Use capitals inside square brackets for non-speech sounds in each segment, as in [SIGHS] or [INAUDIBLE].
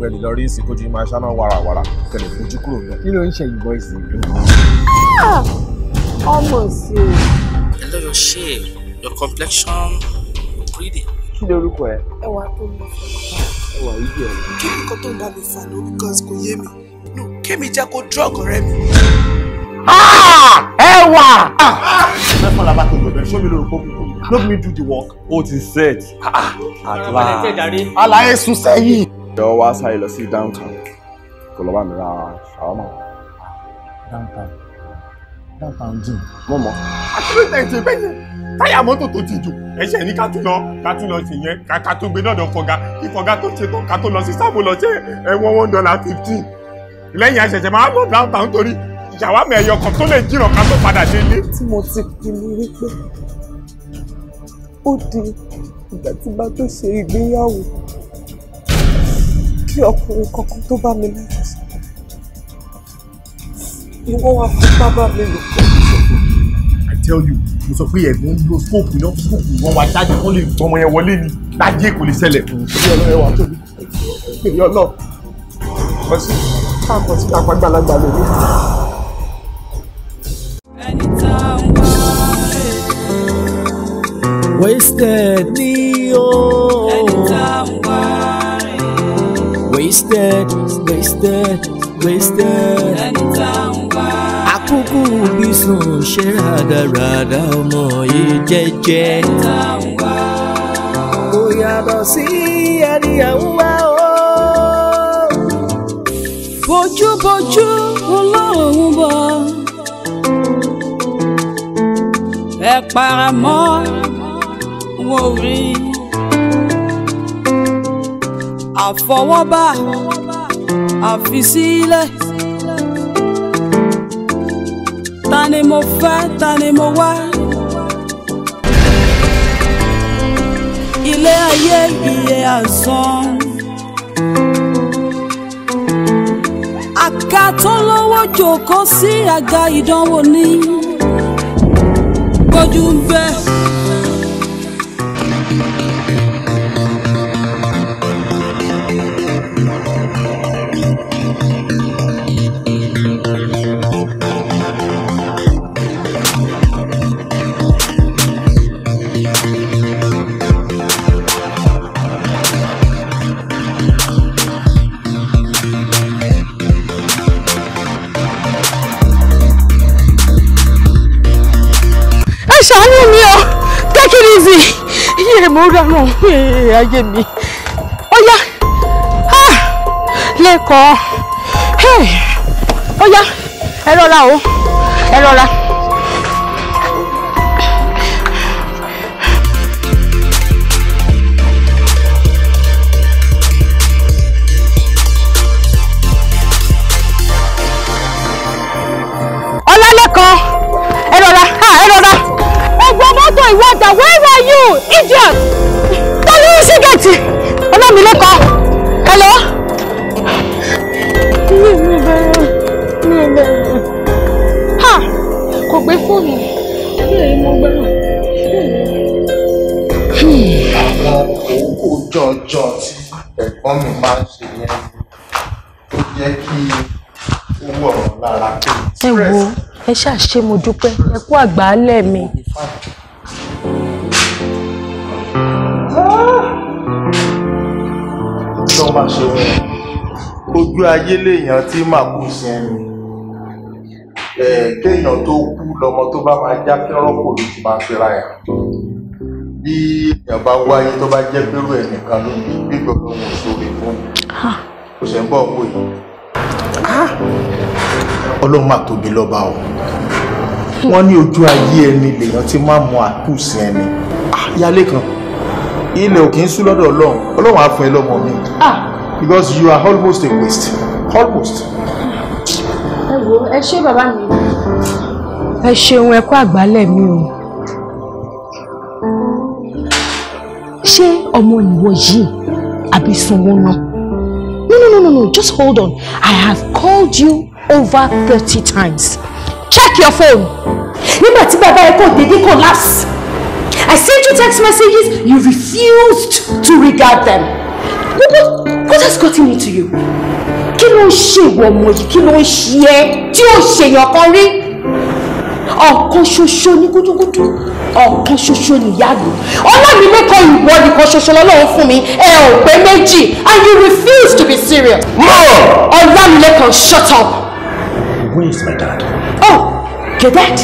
pẹ́ lè lọ rí ìsìn máa ṣáná wàràwàrà kẹlẹ̀ fojú kúrò bẹ́ẹ̀. kí ló ń ṣe ìbọn ìsìn ah! ọmọ sí o. hello your shape your complexion pretty. kí lorúkọ ẹ. ẹwà tó ń bọ fún mi. ẹwà yìí ẹ. kí ni kó tó ń bá mi fà lórí gans kò yé mi nù kémi jẹ́ kó drug ọ̀rẹ́ mi. Ah! ẹwà. mẹ́fọ́n la bá tó lọ bẹ́ẹ̀ ṣọ́ mi lórúkọ kúkú lóbi mi do the work. ó ti set. Ah, àlàyé sùn sẹ́yìn ẹ ọ wá sáré lọ downtown kò lọ bá mi ra ṣàwámà. downtown downtown jim. mo mọ. àtúntò ẹ̀jẹ̀ bẹ́ẹ̀ táyà mọ́tò tó ti jù ẹ̀ṣẹ̀ ní ká tún lọ ká tún lọ sí yẹn ká tó gbé lọ́dọ̀ fọ̀gá kí fọ̀gá tó ṣe tán ká tó lọ sí sáàbò lọ ṣe ẹ̀wọ̀n one dollar fifteen lẹ́yìn àṣẹ̀ṣẹ̀ máa lọ downtown torí ṣàwámà ẹ̀yọ kan tó lè jìrọ̀ ká tó padà délé. tí mo ti pinnu wípé ó di ìgbà tí bá tó ṣe ìgbéyàwó sí ọkùnrin kankan tó bá mi lájọsọ ni wọ́n wá fipá bá mi lò pọ̀. I tell you mo sọ pé ẹ̀gbọ́n ń lo scope iná scope wọn wá jáde wọ́n lè gbọ́mọ yẹn wọlé ni lájẹ́ kò lè ṣẹlẹ̀. ìyá ọlọ́run wà tóbi ìyá ọlọ́run wọ́n sì káàkó sí apágbálagbà lónìí. wasted ni o. ẹni tá a wasted wasted wasted. ẹni tá à ń wá. àkókò bí sùn ṣe rádaràda ọmọ yìí jẹ́jẹ́. ẹni tá kò yàtọ̀ sí ẹni à o. bójúbójú ọlọ́run bọ̀. ẹ para mọ́ wọn rí i àfọwọ́bá àfisílẹ̀ ta ni mo fẹ́ ta ni mo wá. ilé ayé iye àsan. àga tó lówó jòkó sí àga ìdánwò ní. gbójú bẹ́ẹ̀. mú mi o take it easy yẹ mo rárá ayé mi ọ̀yá lẹ́kọ̀ọ́ ọ̀yá ẹ rọra o ẹ rọra. mi lẹ́kọ̀ọ́ hello. ha kò gbé fóònù mi mo gbẹ́rù. àwọn owó jọjọ tí ẹ̀gbọ́n mi máa ń ṣe yẹn ó jẹ́ kí ó wọ̀ lára. ẹ wo ẹ ṣáà ẹ kú àgbálẹ̀ mi. ọlọ́run máa ṣe wọn ojú ayé lèèyàn tí màá kú sí ẹni kéèyàn tó kú lọmọ tó bá máa já kí ọlọ́pọ̀ ló ti máa fira ẹ̀ bí èèyàn bá wáyé tó bá jẹ́ pẹ̀lú ẹnìkan ló ní gbígbọ́ lọ́wọ́ sórí fún kò ṣe ń bọ̀ wò ọlọ́run máa tóbi lọ́ba o wọ́n ní ojú ayé ẹni lèèyàn tí máa mọ àkúùsì ẹni yálé kan ilẹ̀ ò kì í sú lọ́dọ̀ ọlọ́run ọlọ́run á fún ẹ lọ́mọ mi ah! because you are almost a waste almost. ẹ wo ẹ ṣé bàbá mi. ẹ ṣeun ẹ kú àgbálẹ̀ mi o. ṣé ọmọ ìwọ yìí àbí sanwó náà. no no no no no just hold on I have called you over thirty times check your phone nígbà tí bàbá ẹ kò dédé collapse. I sent you text messages, you refused to regard them. What, what, what has gotten into you? Kill Kí ló ń ṣe ìwọ ọmọ yìí? Kí ló ń ṣe ẹ́ tí ó ṣèyàn kan rí? Ọ̀kan ṣoṣo ní gúdúgúdú. Ọ̀kan ṣoṣo ní ìyáàgbé. Ọlọ́mìlẹ́kọ̀ọ́ ìwọ nìkan ṣoṣo lọ́lọ́run fún mi. Ẹ ò pé méjì and you refuse to be serious. No. Oh make Ọlọ́mìlẹ́kọ̀ọ́ shut up. Where is my dad? Oh, your dad?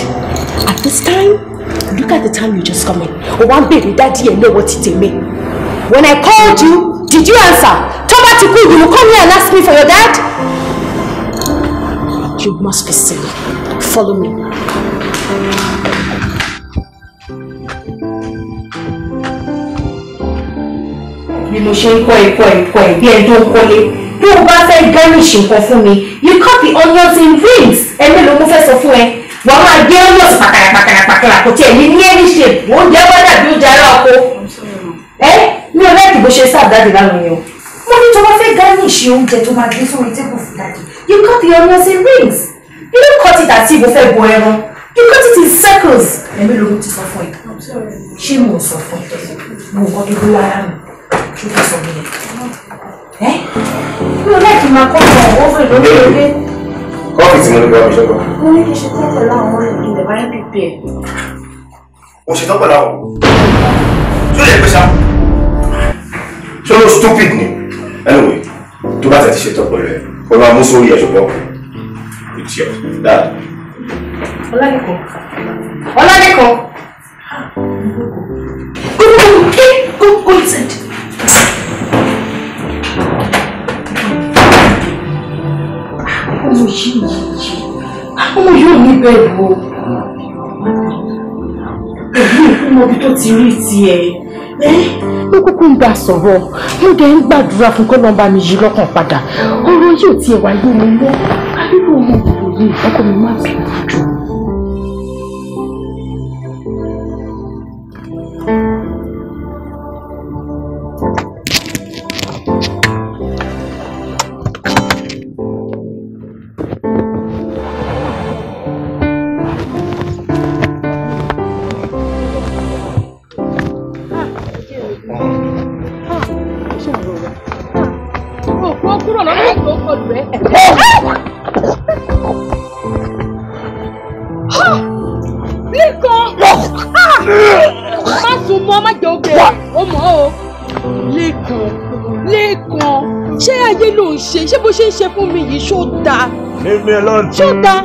At this time? Look at the time you just come in. O wa ń bèrè dádì ẹ̀ lọ́wọ́ ti mean. When I called you, did you answer? Tó bá ti kú, you will come here and ask me for your dad? You must be silly. Follow me. Bí mo ṣe ń kọ́ ẹ̀kọ́ ẹ̀kọ́ ẹ̀ bí ẹni tó ń kọ́lé tó o bá fẹ́ garnish nǹkan you cut the onions in rings ẹ̀mí ló mú fẹ́ sọ fún ẹ wọ́n máa gbé ọ́yọ̀sì pàkàrà pàkàrà pàkàrà kò tiẹ̀ ní ní ẹni ṣe oúnjẹ wọn dàbí oúnjẹ ara ọkọ ẹ mi ò láìkí bó ṣe sáà dáàdì lánàá yẹn o mo ní tó bá fẹ́ garnish oúnjẹ tó máa gbé sórí tébù fún dáàdì you cut your nose in rings you don't cut it àti ìbò fẹ́ bọ ẹran you cut it in circles ẹ̀mí ló ti sọ fún ẹ ṣé mo sọ fún ẹ mo kọ́ tó dúró ara mi ṣó ti sọ mi yẹn ẹ mi ò láìkí máa kọ́ ọ̀rọ̀ ọ́fíìsì mo ní kí wọ́n fi ṣọ́kọ̀. mo ní kí ṣe tán pẹ̀lú àwọn ilẹ̀ báyìí pípẹ́ ẹ̀. mo ṣe tán pẹ̀lú àwọn ṣó lè pèsè àwọn ṣó ló stupid ni anyway tó bá tẹ̀sí ṣe tán pẹ̀lú ẹ̀ wọ́n máa mú sórí ẹ̀ ṣùgbọ́n kò tiẹ̀ dáa. ọlọ́dẹ̀kọ̀ ọlọ́dẹ̀kọ̀ good good good good ọmọ yìí ọmọ yóò ní bẹ́ẹ̀ bọ́ òbí ìfúnmọ́bí tó ti rí tiẹ̀ mo kúkú ń bá sọ̀rọ̀ mo dẹ̀ ń gbàdúrà fún kọ́ lọ́nba mi yí lọ́kàn padà ọ̀rọ̀ yóò tiẹ̀ wáyé mi mọ́ àbí mo mọ̀ òye ìfọ́kọ́ mi má bẹ̀rù jù. yìí ṣó dáa ṣó dáa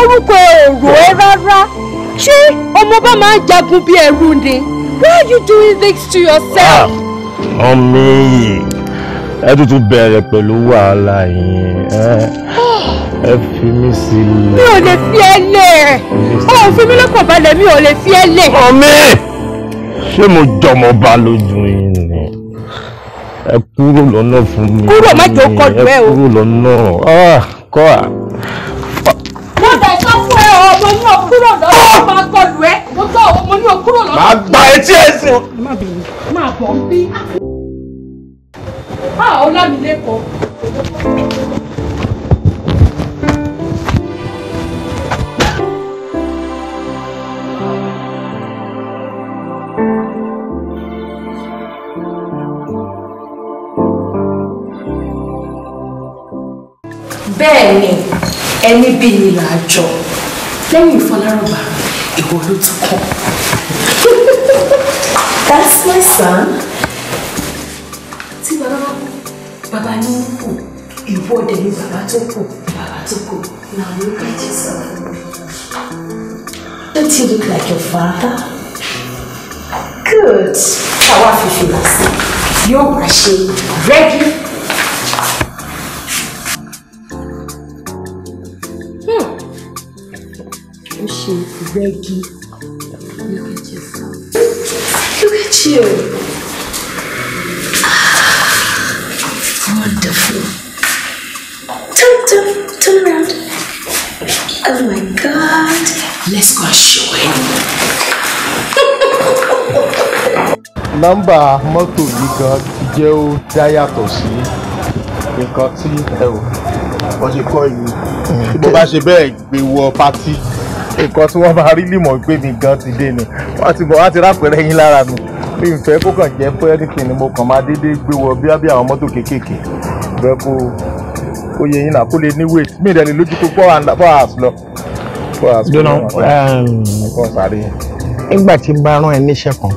orúkọ èrò ẹ rárá ṣé ọmọ bá máa ń jagun bí ẹrú ni why are you doing this to yourself. Ah, ọmọ yìí ẹ tún tún bẹ̀rẹ̀ pẹ̀lú wàhálà yìí ẹ fi mí sílẹ̀. mi ò lè fi ẹ lẹ̀ ọ ò fi mí lọ́kàn balẹ̀ mi ò lè fi ẹ lẹ̀. ọmọ ṣé mo jọmọ bá lójú yìí ni ẹ kúrò lọ́nà fún mi kúrò má jò kọjú ẹ o ẹ kúrò lọ́nà ah, kọ́ à. mo bẹ̀ sọ fún ẹ ọ mo ní o kúrò lọ́nà ó ah! máa kọlù ẹ mo tọ́ ọ mo ní o kúrò lọ́nà. màá gba etí ẹ sí. má bẹ̀rù máa bọ̀ bí. a ah, lámìlẹ́kọ̀ọ́. bẹ́ẹ̀ ni ẹni bí ni là á jọ lẹ́yìn ìfọlárọ̀bà ìwọ ló tún kàn. [LAUGHS] that's my son. tí bàbá bàbá ní kù ìwọ dẹ̀ ni bàbá tó kù bàbá tó kù làwọn ló bẹ̀ jẹ́ sọ. don't you look like your father? good. káwá fífi lásán yóò wá ṣe rẹ́gí. Becky. Look at yourself. Look at you. Ah, wonderful. Turn, turn, turn around. Oh my God. Let's go show him. Number, mọ́tò yìí gan ti jẹ́ ó dá yàtọ̀ sí nǹkan tí ẹ ò wọ́n ṣe kọ́ ìlú bó bá ṣe bẹ́ẹ̀ gbé wọ pátí nǹkan tí wọ́n máa rí lìmọ̀ pé mi gan ti dé ni wọ́n ti bọ̀ wá ti rápẹ̀rẹ̀ yín lára mi mi fẹ́ kó kàn jẹ́ pẹ́ẹ́nìkì ni mo kàn máa déédéé gbé wọ bí àbí àwọn mọ́tò kéékèèké bẹ́ẹ̀ kó kó yẹ yín náà kó lè ní weight mi ìdẹ́ni lójú tó four and four hours lọ. dunu um, nígbà tí n bá rán ẹ níṣẹ́ kan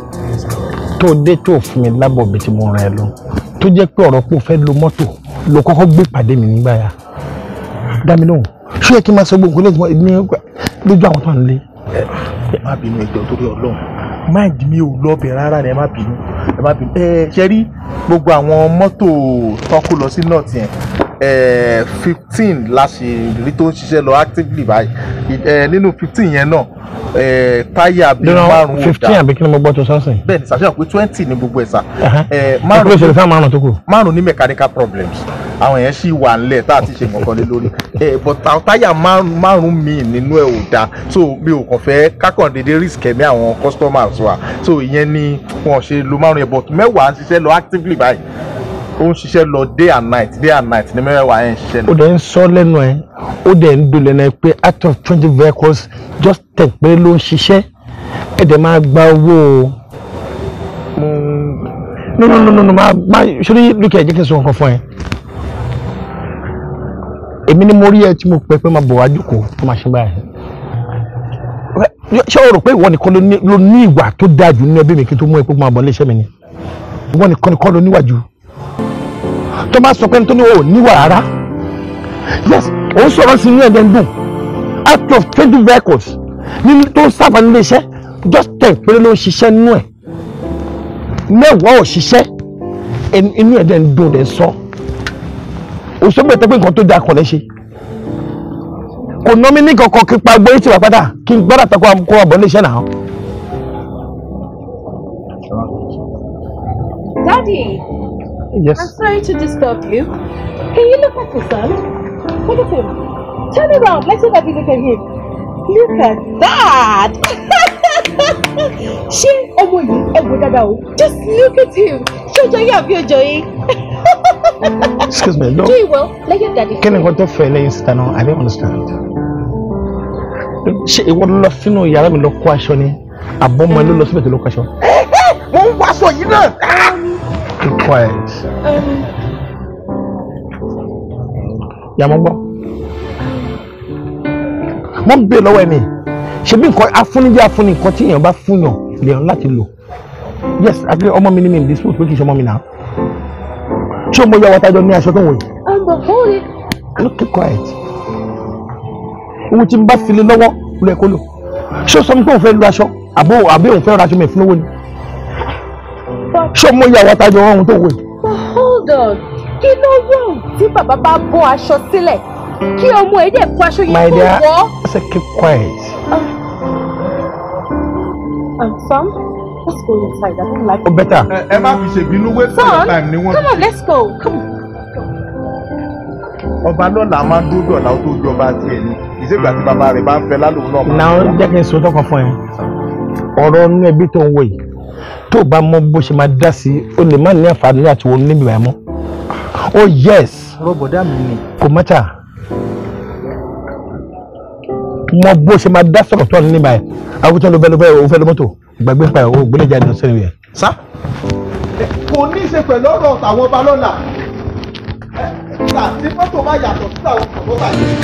tó dé tó fún mi lábọ̀ bí tí mo rán ẹ lọ tó jẹ́ pé ọ̀rọ̀ pò fẹ́ lo mọ́tò lo kọ́kọ́ gbé pàdé mi nígbà yà dá mi lóhùn ṣé ẹ kí n máa sọ gbogbo nǹkan lẹ́sìn lójú àwọn tó ń lé. ẹ má bínú ẹjọ́ torí Ọlọ́run mind mi ò lọbẹ rárá ni ẹ má bínú ẹ má bínú. ẹ ṣe rí gbogbo àwọn mọ́tò tọ́kù lọ sí north yẹn fifteen la ṣe rí tó ń ṣiṣẹ́ lọ actively báyìí nínú fifteen yẹn náà táyà bíi márùn ún fifteen àbí kí ni mo gbọ́ tó sọ́sìn. bẹ́ẹ̀ ni sàṣeyàn pé twenty ni gbogbo ẹ̀ sà. márùn ní mechanical problems àwọn yẹn sì wà ńlẹ̀ tá a ti ṣe nǹkan lé lórí ẹ but táyà márùn mi nínú ẹ ò dáa so mi ò kàn fẹ́ kákàndéédé risk ẹ̀mí àwọn customers wa so ìyẹn ni wọn ṣe lo márùn yẹn but mẹ́wàá ń ṣiṣẹ́ lọ actively báyìí ó ń ṣiṣẹ́ lọ day and night day and night ní mẹ́wàá yẹn ń ṣiṣẹ́ lọ. ó dẹ̀ ń sọ lẹ́nu ẹ̀ ó dẹ̀ ń dolẹ̀ náà pé out of twenty vehicles just ten péré ló ń ṣiṣẹ́ ẹ̀ dẹ̀ máa gba owó o mm, no no no no no ma ma sori lukẹ jẹ́ kí n sọ nǹkan fún ẹ èmi ni mo rí ẹ tí mo pẹ pé máa bọ̀ wá jókòó tó máa ṣe báyìí ṣé o rò pé ìwọ nìkan ló ní ìwà tó dáa jù nínú ẹbí mi kí n tó mú ẹ pé máa bọ̀ léṣẹ́ mi ni ìwọ nìkan nìkan ló níwà jù tó bá sọ pé ní tó ní o níwà rárá yes òun sọ̀rọ̀ sí inú ẹ̀jẹ̀ ń dùn out of twenty vehicles ní tó ń sáfà nílé iṣẹ́ just ten péré ló ń ṣiṣẹ́ nínú ẹ̀ mẹ́wàá ò ṣiṣẹ́ inú ẹ̀jẹ̀ ń dùn dẹ̀ sọ́ọ̀ òṣèlú ẹ̀tẹ́ pé nǹkan tó da kọ̀ lẹ́ṣe kò ná mi ní kankan kí n pa gbé tìwà padà kí n gbọ́dọ̀ tako kó wa bọ̀ ní iṣẹ́ náà. Daddy, yes. I'm sorry to disturb you. Can you look at your son? Look at him. Turn around. Let's see that look at him. Look at that. [LAUGHS] Ṣé ọmọ yìí ẹ wò o? Just look at him. Ṣé ọjọ́ yìí àbí ọjọ́ yìí? [LAUGHS] excuse me no do you well let your daddy. Can I go to fẹ́ in síta i don't understand. ṣé ìwọ love you sínú yàrá mi lọ kó aṣọ ni àbọ̀mọ ẹ ló lọ síbẹ̀ tó lọ kó aṣọ. mo ń wáṣọ yìí náà. be quiet. yàmú gbọ́ wọ́n ń bèè lọ́wọ́ ẹni ṣebí nǹkan afúnijẹ́ afúnni nǹkan tí èèyàn bá fún yàn lèèyàn láti lò yes àti ọmọ mi ni mi dispute pé kì í ṣe ọmọ mi náà ṣé o mọ ìyàwó àtàjọ ní aṣọ tó ń wò yìí. ọmọ òòrè. lókè quiet. ohun tí n bá file lọ́wọ́ ló ẹ̀ kó lò ṣé o sọ pé òun fẹ́ lu aṣọ àbí òun fẹ́ ra aṣọ mi fún owó ni. ṣé o mọ ìyàwó àtàjọ ohun tó wò yìí. hold on kí ló wrong tí bàbá bá bọ́ aṣọ sílẹ̀ kí ọmọ ẹ̀ dẹ̀ kó aṣọ yìí kó wọ́. my dear say keep quiet. Uh, um, Let's go inside. I don't like. Oh, better. Eh, ẹ má fi ṣèbínú waste your time ni wọ́n. Come on, let's go. Come on. Ọba lọ́la máa ń dúdọ̀ náà tó ju ọba tiẹ̀ ni. Ìṣègbà tí bàbá rẹ̀ bá ń fẹ́ lálùú náà. Náà jẹ́ kí n sọ tọkàn fún ẹ. Ọ̀rọ̀ inú ẹbí tó ń wò yìí. Tó o bá mọ bó ṣe máa dá sí i, o lè má ní àǹfààní àti wọnú níbi ẹ̀ mọ́. Oh yes. Rọ́bọ̀dá mi ni. Kò mọ́tà mọ bó ṣe máa dá sọ̀rọ̀ tó ní níbàyẹn àgùntàn ló fẹ́ ló fẹ́ ló fẹ́ ló mọ́tò gbàgbé pa ìwọ ògbólẹ̀ jáde lọ sẹ́yìn rẹ̀ sá. kò ní í ṣe pẹ̀lú ọ̀rọ̀ àwọn balọ̀là ẹ̀ tà tí mọ́tò bá yàtọ̀ sí àwọn ọ̀rọ̀ báyìí.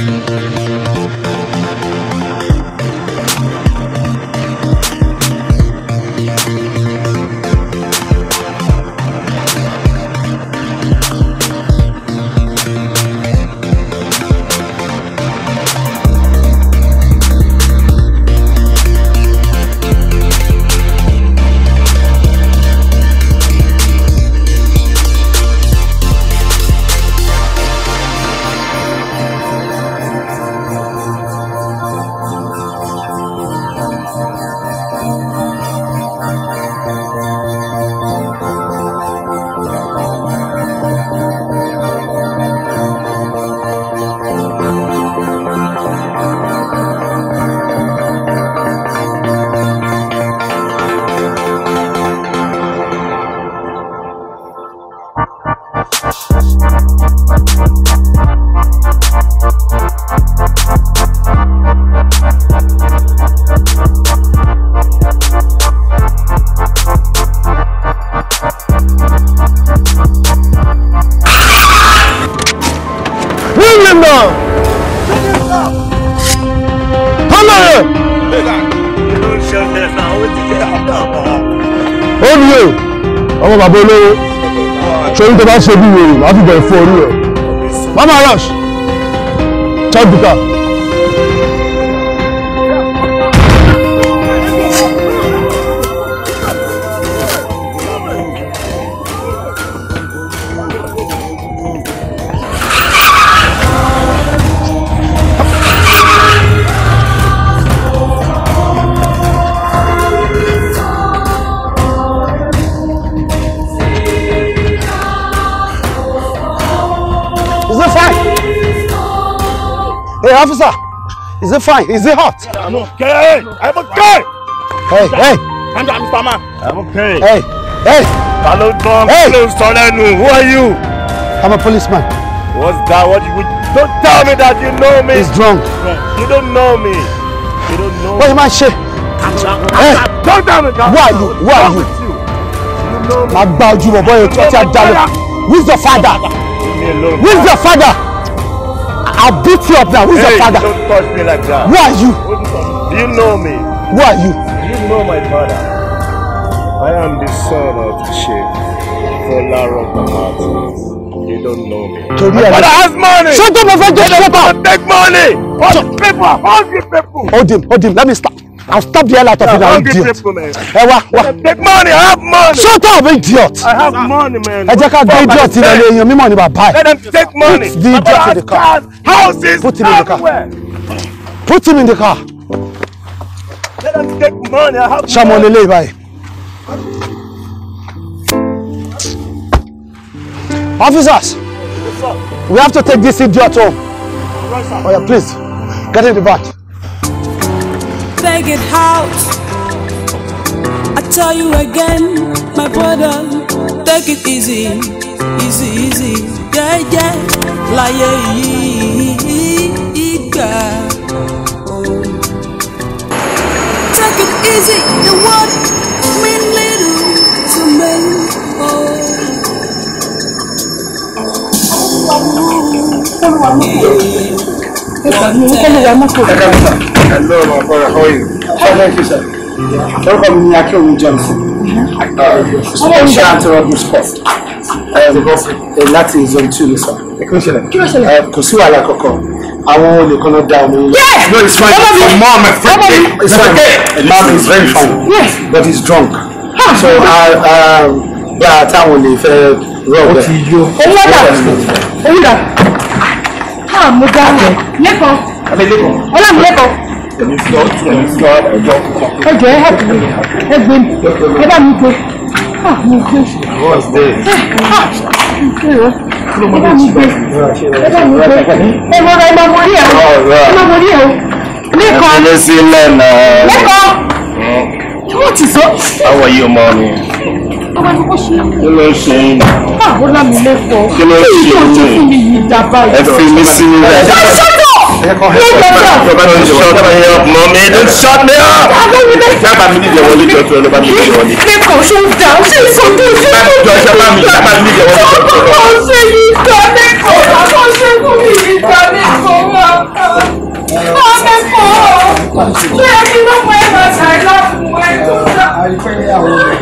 bàbá olówó ṣorí tó bá ṣe bí wèrè wàá bẹ̀rẹ̀ fún orí ẹ̀ mama rush chop the car. Officer, is it fine? Is it hot? I'm okay. I'm okay. Hey, hey. I'm Mr. I'm okay. Hey, hey. Hello, Tom. Hey. Who are you? I'm a policeman. What's that? What you don't tell me that you know me. He's drunk. You don't know me. You don't know. What am I saying? Hey. Don't tell me that. Who are you? Who are you? You know me. My bad, you boy. Who's your father? Who's your father? I'll beat you up now. Who's hey, your father? Don't touch me like that. Who are you? Do you know me? Who are you? You know my father. I am the son of the Chief Folarin Babatun. You don't know me. My ẹ̀ lọ. has money. Shut up, my friend. Just shut Take money. Hold the paper. Hold the paper. Hold him. Hold him. Let me stop. I'll stop the hell out of you now, idiot. Hey, what? What? Make money, I have money. Shut up, idiot. I have money, man. Ẹ jẹ́ ká gbé idiot ní ẹ̀yẹ èèyàn mímọ́ ni bàbá Let them take money. Put the idiot in the car. Houses Put him in the car. Put him in the car. Let them take money, I have money. Ṣọmọ lele báyìí. Officers, we have to take this idiot home. Right, sir. Oh yeah, please, get in the back. it out. I tell you again, my brother, take it easy, easy, easy, yeah, yeah. like Láyé ìgbà. Take it easy, the word mean little to me. Oh. Oh, Orúkọ mi ni Akínwó Johnson. Ṣé Anthony Scott? Láti zone two ló sọ. Kí ló ṣẹlẹ̀? Kò sí wàhálà kankan. Àwọn olè kan ló dá ọmọ yìí. No, it's fine. For mom, my friend, it's fine. Mom is very fine. Yes. But he's drunk. So, gba táwọn olè fẹ́ rọ̀ bẹ́ẹ̀. Ó ti yó. Owó dà àmúgá rẹ̀ lẹ́kọ̀ọ́ ọlọ́run lẹ́kọ̀ọ́. ẹjọ ẹ hẹ́pù mi ẹgbẹ́ mi ẹ bá mi gbé ah, ah, ah, mi gbé ẹ bá mi gbé ẹ bá mi gbé ẹ mọ̀ra ẹ máa mọ̀rí ẹ̀ o ẹ máa mọ̀rí ẹ̀ o lẹ́kọ̀ọ́ lẹ́kọ̀ọ́ wọ́n ti sọ. báwo yìí ọmọ mi tó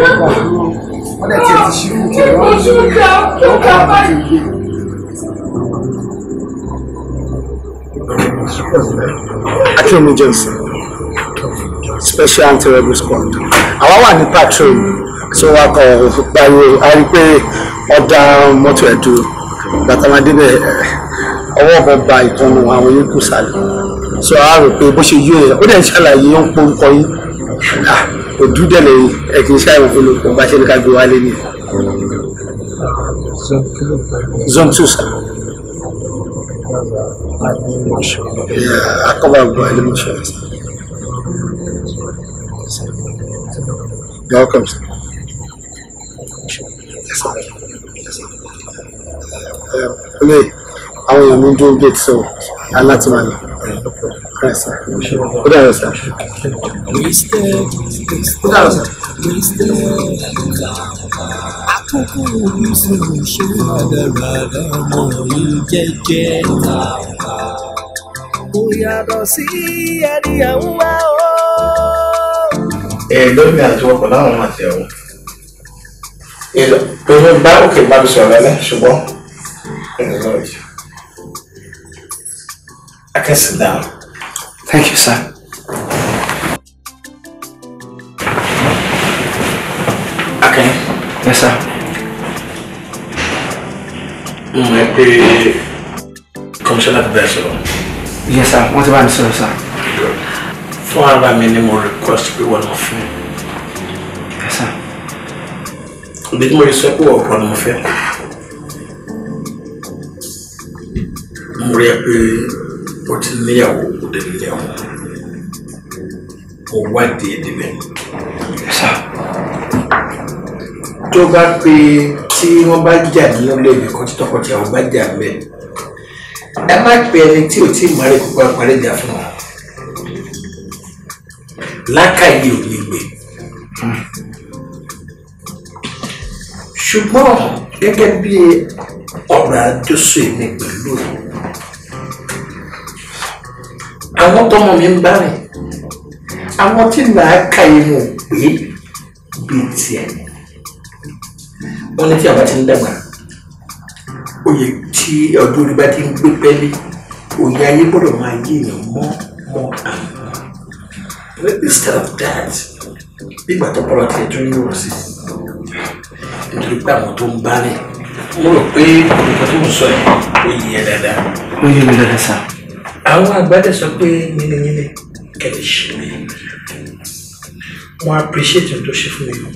bá wọ́n dẹ̀ tiẹ̀ ti ṣírú tiẹ̀ wọ́n ti ṣírú tiẹ̀ wọ́n kà á báyìí. Akim Johnson, Special Anti-Rebel Squad. Àwa wà ní patrol tí wọ́n kọ̀ pariwo a rí pé ọ̀dà mọ́tò ẹ̀ dúró. Bàtà máa débẹ̀ ọwọ́ ọ̀bọ̀ ba ìtọ́nu àwọn yòókù sálẹ̀. Sọ àárò pé bó ṣe yú ẹ̀ ó dẹ̀ ń ṣàlàyé ó ń pọ́nkọ yín òdú ah, dẹ̀ lẹ́yìn ẹ kì í ṣàyẹ̀wò fún lóko bá ṣe ní ká gbé wálé ni. zone two sir. akọ́bà gbọ́ ẹni mọ̀ ṣọ́ You're welcome, sir. Yes, um, àwọn èèyàn mi ń dúró gate so aláti máa lọ ó dàrọ sá. ó dàrọ sá. àkókò omi sọ̀rọ̀ ṣe rádaràdà ọmọ yìí jẹ́jẹ́ kò yàtọ̀ sí ẹni àwọn wá o. ẹ lórí àjọ ọkọ̀ láwọn máa tẹ̀ ọ́ bá òkè bá mi sọ̀rọ̀ lẹ́lẹ́ ṣùgbọ́n ìlọ yìí. I can sit down. Thank you, sir. Okay. Yes, sir. Mo mm, mọ̀ pé kọ́míṣánná ti bẹ̀rẹ̀ Yes, sir. What about bá mi sir. Fún ara mi ni mo request to be one of them. Yes, sir. Did tí mo lè sọ pé ọ̀pọ̀ ni mo fẹ́. Mo rí ó ti níyàwó ó dé níyàwó ó wádìí ìdílé sá tó bá pé tí wọ́n bá jà ní olóògbé kan tí tọkọtìyàwó bá jà bẹ́ẹ̀ ẹ má pe ẹni tí ò tí ì mọ̀rẹ́ kópa parí ìjà fún wa lákàyè ò ní gbé ṣùgbọ́n gẹ́gẹ́ bí ọ̀rọ̀ àjọsọ èmi pẹ̀lú àwọn tọmọ mi ń bá rẹ àwọn tí là á ka ìmọ̀ yìí bíi tiẹ̀ wọn ní tí àwa ti ń dàgbà ó yẹ tí ọdún orí bá ti ń pé pẹ́lí òye ayé gbọ́dọ̀ máa yé èèyàn mọ́ mọ́ àwọn instead of that nígbà tó bọ́lá tiẹ̀ tún yóò sí nítorí pé àwọn tó ń bá rẹ̀ mo rò pé olùkọ́ tó ń sọ ẹ̀ ó yẹ dáadáa. ó mi dáadáa sáà àwọn àgbàdẹ sọ pé yínníyínní kẹlẹ ṣe mí wọn appreciate ohun tó ṣe fún mi.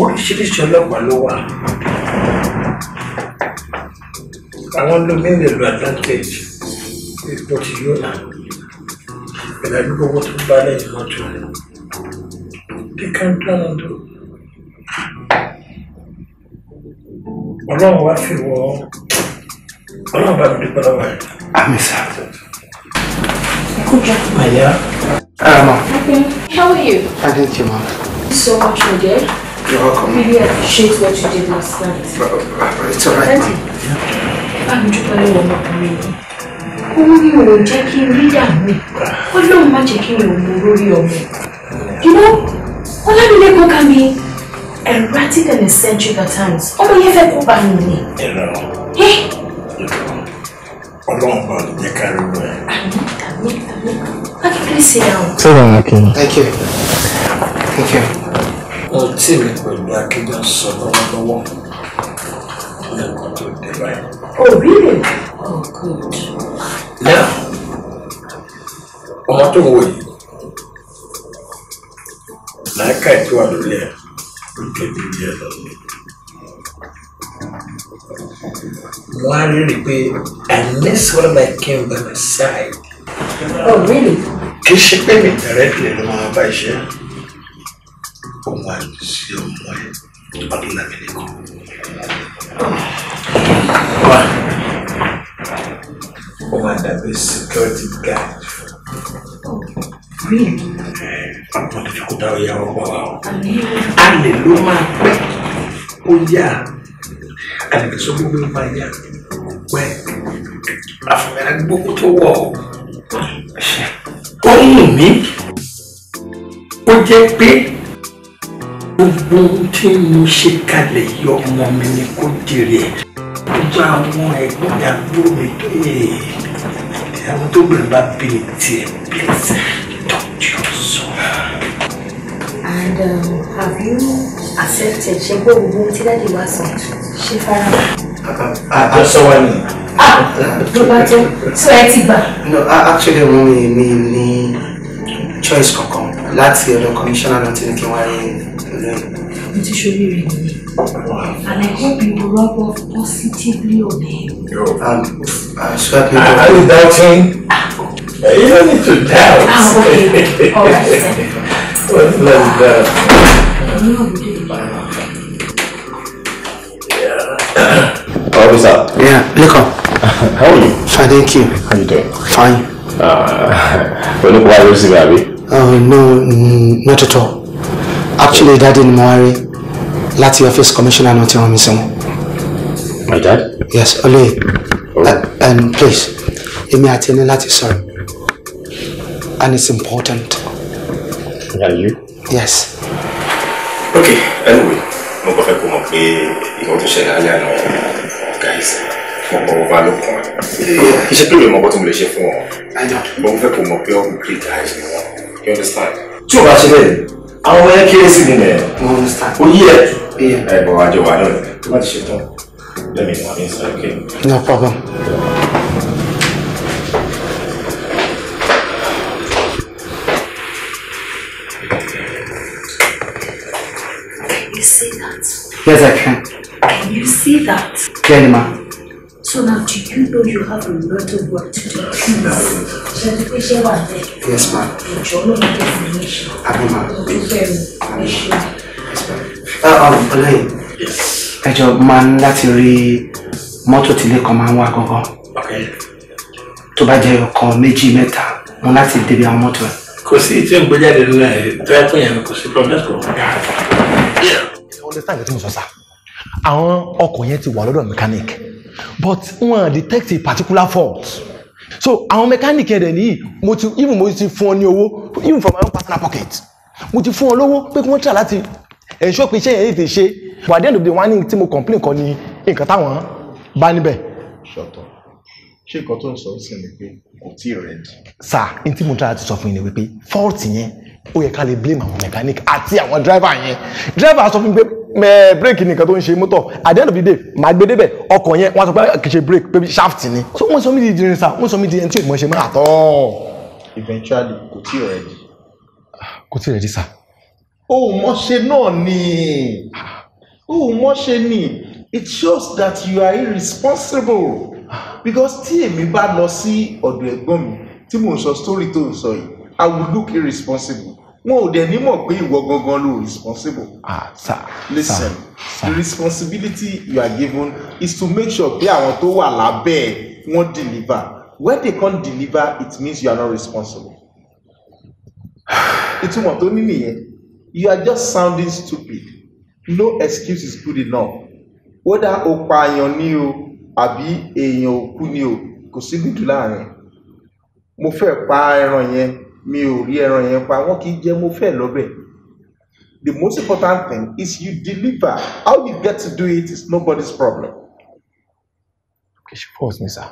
oríṣiríṣi ọlọ́pàá ló wà àwọn lómi lè lo advantage ipò tí yóò là pẹ̀lú àdúgbò owó tó bá lẹ́yìn mọ́tò they can plan on do. ọlọ́run wá fi wọ́n ọlọ́run bá mi dúpẹ́ lọ́wọ́ rẹ̀. àmì sá. kúkẹ́. how are you. i did, dey ma. so much for there. you're welcome. really appreciate what you did last night. it's alright ma. bá mi dúpẹ́ lọ́wọ́ ọmọkùnrin yìí owó ni ò jẹ́ kí n rí dààmú ọlọ́run má jẹ́ kí n rò mú lórí ọmọ you know ọlámilékan kan mi erratic and eccentric at times ọmọ yẹn fẹ́ kó bá mi Hey. Ọlọ́run bá lè jẹ́ kárí ẹ̀. Thank you. Thank you. Ohun tí mi pẹ̀lú Akinjọ ń sọ lọ́wọ́lọ́wọ́ ní Oh, really? Oh, good. Now, ọmọ tó ń wò yìí, làákàyè tó wà lórí ẹ̀ ló wọ́n really be unless one man came by my side. oh really. kì í ṣe pé mi directly ló máa bá iṣẹ́ òun wà sí ọmọ ẹ̀ the náà mi nìkan. wá ó máa I'm security guard. Really? Àwọn àdìsíkò dára ìyá ọgbà wa. Àlè ló máa pẹ́ kó yá kalẹ̀ kí sọ́kú gbé ma yá pẹ́ àfọ̀mẹ́rẹ́ gbogbo tó wọ̀ ó mú mi ó jẹ́ pé gbogbo ohun tí mo ṣe kalẹ̀ yìí ọmọ mi ni kò jèrè ẹ̀ gbogbo àwọn ẹ̀gbọ́n mi àbúrò mi tó yẹ àwọn tó bẹ̀rẹ̀ bá bí mi tiẹ̀ bí ẹsẹ̀ tọ́jú sọ. And um, have you accepted ṣe gbọ́ gbogbo ohun tí dáàdi wá sọ ṣe fara. aṣọ wa ni. ló ah, bá jẹ́ tó ẹ ti gbà. no actually mo mi mi ní choice kankan láti ọ̀dọ̀ commissioner náà ti ní kí wọ́n rí lóyún. mo ti ṣorí rẹ nìyẹn and I hope you will rub off positively on him. Um, I uh, so I, I, I doubt him. You don't need to doubt. Ah, okay. [LAUGHS] All right. Let's, let's, uh, don't know who did up? Yeah, Nico. [LAUGHS] How are you? Fine, thank you. How are you doing? Fine. Uh, [LAUGHS] but look, why was it, Abby? Oh, no, not at all. Actually, Daddy ni mo wá rí láti office commissioner náà tí wọ́n mi sanwó. My dad? Yes, Olóyè. Oh. Uh, um, please, èmi àti ẹni láti sọ̀rọ̀. And it's important. And you? Yes. ok anyway mo kàn fẹ́ kó mọ̀ pé ìwọ́n tó ṣẹlẹ̀ alẹ́ àná guys mo kọ́ wá lókun kì í ṣe pé mi ò mọ̀ bọ́ tí mo lè ṣe fún wọn bọ́ mo fẹ́ kó mọ̀ pé ọ̀hún great guys ni wọ́n you understand. tí o bá ṣe bẹ́ẹ̀ àwọn ọmọ yẹn kéré sí mi nẹ̀ o yí ẹ ẹ bọ̀ wá jọ náà tó bá ti ṣe tán lẹ́mìí wà ní sọ okay. no problem. Yes, I can. Can you see that? Clearly, ma. So now, do you know you have a lot of work to do? Yes, ma'am. Abi, ma'am. Yes, ma'am. Uh, um, Yes. Ẹ jọ̀ọ́, máa ń láti rí mọ́tò tí ilé kan Okay. Tó bá jẹ́ ọ̀kan méjì mẹ́ta, mo láti débi àwọn mọ́tò ẹ̀. Kò sí tí ó ń gbé jáde lórí ẹ̀ tó yẹ Yeah understand nǹkan tí mo sọ sá àwọn ọkọ̀ yẹn ti wà lọ́dọ̀ mechanic but wọn detect a particular fault so àwọn mechanic yẹn dẹ̀ nìyí mo ti even mo ti fún ọ ní owó even from my own personal pocket mo ti fún ọ lówó pé kí wọ́n try láti ensure pé iṣẹ́ yẹn lè ṣe but at the end of the one thing tí mo complain kan ni nǹkan táwọn bá níbẹ̀. ṣọtọ ṣé nǹkan tó ń sọ sí ni pé kò tí ì rẹ̀dì. sà n tí mo try láti sọ fún yín ni wípé fault yẹn ó yẹ ká lè blame àwọn mechanic àti àwọn driver yẹn driver sọ fún mi pé bírèkì nìkan tó ń ṣe mọ́tọ̀ at the end of the day màá gbé débẹ̀ ọkọ̀ yẹn wọ́n sọ pé kì í ṣe bírèkì pé shaft ni so wọ́n sọ mí di ìdírin sa wọ́n sọ mí di ẹni tí èèmọ̀ ṣe máa tọ́. eventually kò tí ì rẹ̀ di. kò tí ì rẹ̀ di sa. o ò náà ni o ò ni it shows that you are irresponsible because tí èmi bá lọ sí ọ̀dọ̀ ẹ̀gbọ́n mi tí mò ń sọ story tó ń sọ yìí i will look irresponsible wọn ò dẹ̀ ní mọ̀ pé ìwọ gangan ló responsible. ah sir listen sir. the responsibility you are given is to make sure pé àwọn tó wà lábẹ́ ẹ̀ wọ́n deliver when they can't deliver it means you are not responsible. [SIGHS] ìtumọ̀ tó ní nìyẹn you are just sounding stupid no excuse is good enough whether o pààyàn ni o àbí èèyàn ò ni o kò sí dúdú láàrin mo fẹ́ pa ẹran yẹn mi ò rí ẹran yẹn pa wọn kì í jẹ mo fẹ́ lọ́bẹ̀ the most important thing is you deliver how you get to do it is nobody's problem. kì í ṣe fault mi sá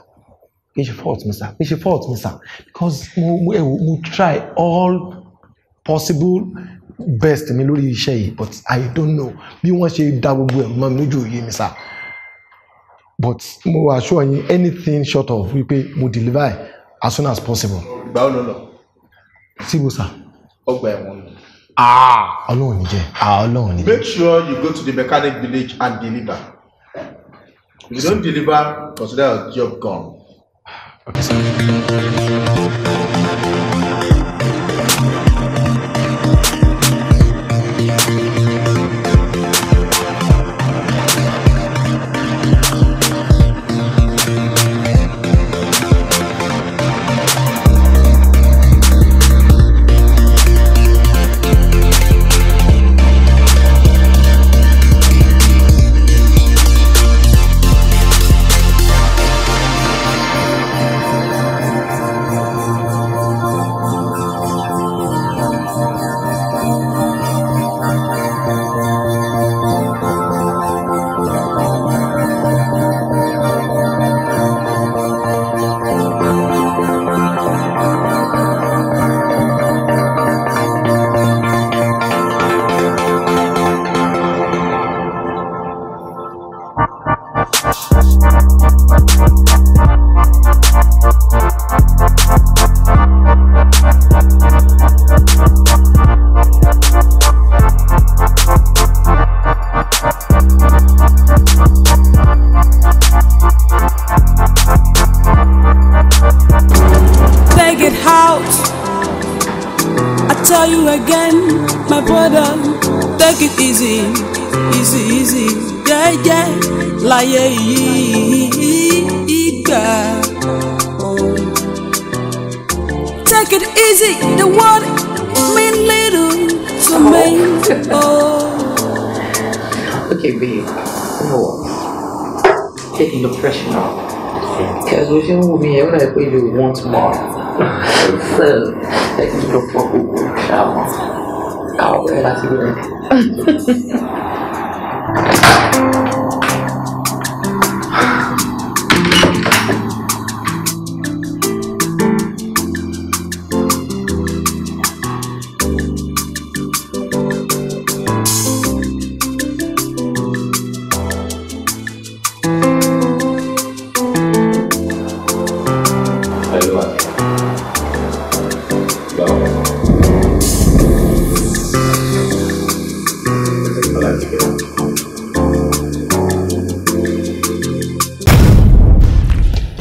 kì í ṣe fault mi sá kì ṣe fault mi sá because mo mo try all possible best mi lórí iṣẹ́ yìí but i don't know bí wọ́n ṣe dá gbogbo ẹ̀ mọ́ mi lójú òye mi sá but mo assure yín anything short of wípé mo deliver as soon as possible. ìgbà wo ló lọ síbo sà. ọgbà ẹ̀wọ̀n mi. Ah. ọlọ́run ní jẹ́ ah, ọlọ́run ní jẹ́. make sure you go to the mechanic village and deliver if you don't deliver consider your job gone. Okay,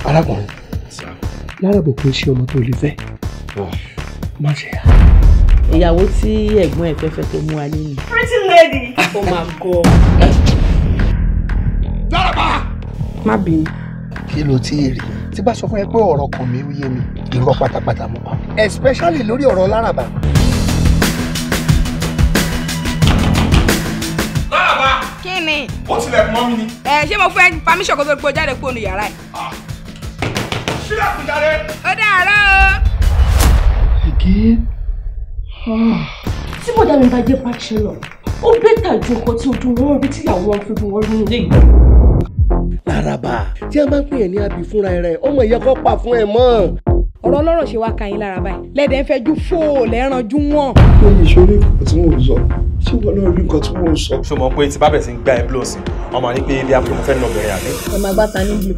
arákùnrin lára bò pé ṣé ọmọ tó lè fẹ́ má ṣe yá. ìyàwó tí ẹ̀gbọ́n ẹ̀ fẹ́fẹ́ tó mú wa nínú. pretty lady. ó máa gọ. dáraba. má bínú. kí ló tí ì rí tí bá sọ fún ẹ pé ọ̀rọ̀ kan mi ò mi irọ́ pátápátá mọ́ especially lórí ọ̀rọ̀ láraba. ni. ó tilẹ̀kùn mọ́ mi ni. ẹ ṣé mo fún ẹ ní pàmíṣọ̀ kó tó gbó jáde kúrò ní yàrá ẹ. sílẹ̀kùn ah. jáde. ó dàárọ̀ o. ẹ̀gẹ́ ah. tí bọ̀dá mi bá jẹ́ pàṣẹ lọ ó bẹ́tà ju nǹkan tí ojú wọn rí tíyàwó wọn fi bu wọn ní ilé yìí. Laraba tí a máa ń pè é ní abì fúnra rẹ ọmọ ìyá kan pa fún ẹ mọ́ ọ̀rọ̀ ọlọ́rọ̀ ṣe wá ka yín lára báyìí lẹ́dẹ̀ẹ́ ń fẹjú fóò lẹ́ranjú wọn. ó ní ìṣòro nǹkan tí wọn ò sọ ṣé wọn náà rí nǹkan tí wọn ò sọ. ṣé o pé tí bábẹ̀ ti ń gba ẹ blóò ọmọ ní pé bí a fún fẹ́ nà obìnrin àlẹ́. ẹ máa gbá ta ní blue.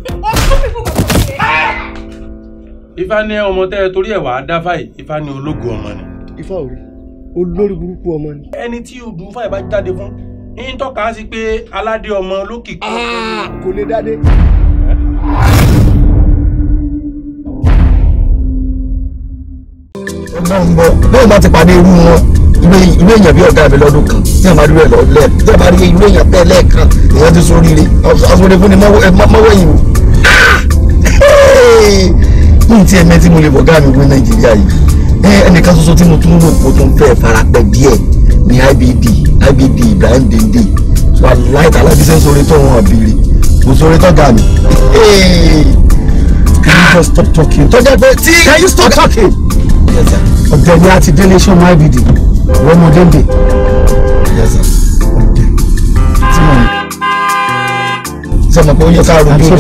ifá ní ọmọ tẹ́ ẹ torí ẹ̀ wàá dáfà yìí ifá ní ológo ọmọ ni. ifá ò rí olórí burúkú ọmọ ni. ẹni tí odù fáì bá jáde fún ń tọ́ka sí pé aládé ọmọ olókìkí. Ah, kò lè dáadé. bẹ́ẹ̀ bá ti pàdé irú wọn ilé èèyàn bí ọ̀gá mi lọ́dún kan tí àmàlú rẹ̀ lọ lẹ́ẹ̀ tí àmàlú ilé èèyàn bẹ́ẹ̀ lẹ́ẹ̀kan èèyàn ti sóríire àsọdẹ fún ni mọ́wọ́ yìí o ní ti ẹ̀mẹ́ tí mo lè bọ̀gá mi wí Nàìjíríà yìí ẹnìkan ṣoṣo tí mo tún lò mo tún fẹ́ farapẹ́ díẹ̀ ní IBD IBD Ibrahim Dende wàláì tàlà bí sẹ́ sórí tó wọn àbírí mo sórí tó ga mi. Can you just stop talking? tọ́jà pé tí Can you stop talking? ọ̀gbẹ́ni àti délé ṣọ́ máa bìdì wọ́mọdé ń sọmọ pé ó yẹ káàró bí o.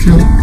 kí o.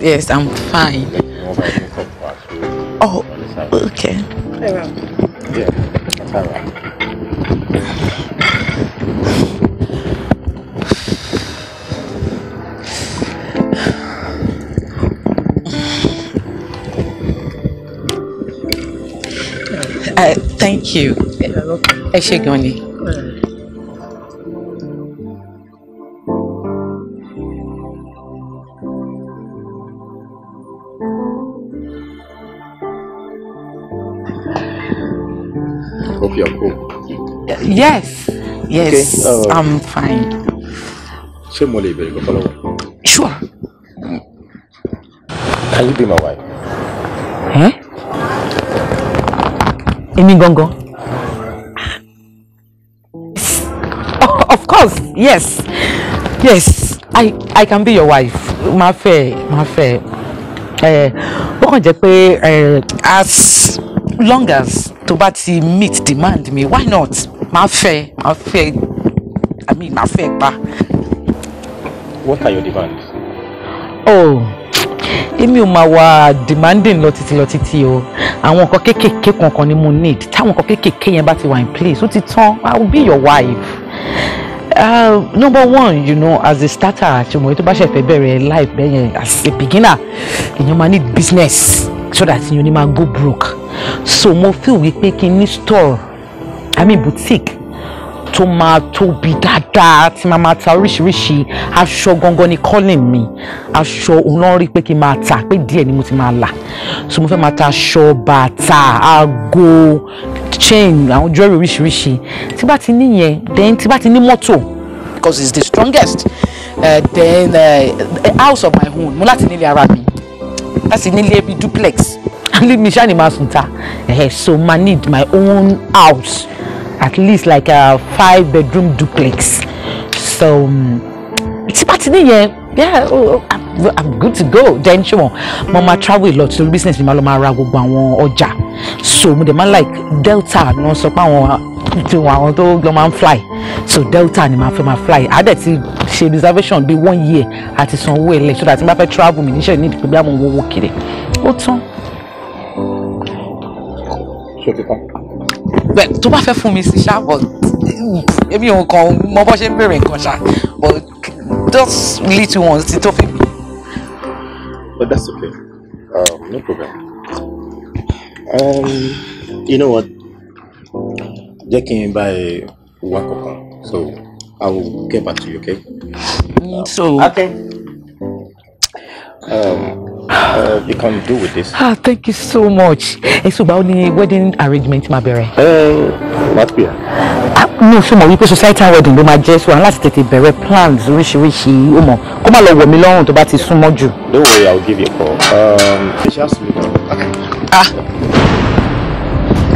Yes, I'm fine. Oh, okay. Yeah, that's Uh, thank you. Ẹ ṣé yes yes okay, uh, i'm fine. ṣé mo lè Go follow. sure. can you be my wife. ẹ eh? èmi gongo. Oh, of course yes yes i i can be your wife Ma fe, ma fe. Eh, ó kàn jẹ́ pé eh, as long as tó bá ti meet demand me, why not máa fẹ́ máa fẹ́ I mean máa fẹ́ pa. What are your demands? Oh èmi ò máa wà demanding lọ títí lọ títí o àwọn nǹkan kéékèèké kankan ni mo need táwọn nǹkan kéékèèké yẹn bá ti wà in place ó ti tán I will be your wife. Uh, number one you know as a starter ṣùgbọ́n tó bá ṣe fẹ́ bẹ̀rẹ̀ life bẹ́ẹ̀ as a beginner èèyàn máa need business so that èèyàn ní máa go broke so mo feel wípé kí n ní store i mean boutique tó máa tóbi dáadáa tí máa máa ta oríṣiríṣi aṣọ gangan ni calling mi aṣọ òun náà rí pé kí n máa ta pé díẹ̀ ni mo ti máa là so mo fẹ́ máa ta aṣọ bàtà aago chain àwọn jewelry oríṣiríṣi tí bá ti níyẹn then tí bá ti ní mọ́tò. because it's the strongest uh, then uh, house of my own mo láti nílé ara mi a sì nílé bíi duplex and leave me ṣáà ni màá sùn ta so ma need my own house at least like a five bedroom duplex so um, tí bá ti yeah oh, oh, I'm, i'm good to go then ṣé wọn mo máa travel a lot so business mi máa lọ máa ra gbogbo àwọn ọjà so mo dẹ̀ máa like Delta ni wọ́n sọ pé àwọn tiwọn àwọn tó lọ máa ń fly so delta ni màá fẹ́ máa fly àdẹ̀ ti ṣe reservation bíi one year àti san owó ẹlẹ́ so that n bá fẹ́ travel mi níṣẹ́ ní ìdìbò bí àwọn owó kiri ó tán. bẹ́ẹ̀ tó bá fẹ́ fún mi sí ṣá but èmi ò kàn mọ bó ṣe ń bèrè nǹkan ṣá but just little ones ti tó fi mi. but that's okay um, no problem um, you know what jẹ́ kí n bá ẹ wá kankan so I will get back to you okay. Um, so okay. Um, Uh, you can do with this. Ah, thank you so much. It's about the wedding arrangement máa bẹ̀rẹ̀. Ẹ wá pè é. Mi ò ṣe mọ̀ wípé societal wedding ló máa jẹ́ sọ àwọn láti tètè bẹ̀rẹ̀ plans oríṣiríṣi ó mọ̀ kó má lọ wọ̀ mí lọ́rùn tó bá ti súnmọ́ jù. Don't worry, I will give you a call. Um, just me. Okay. Ah.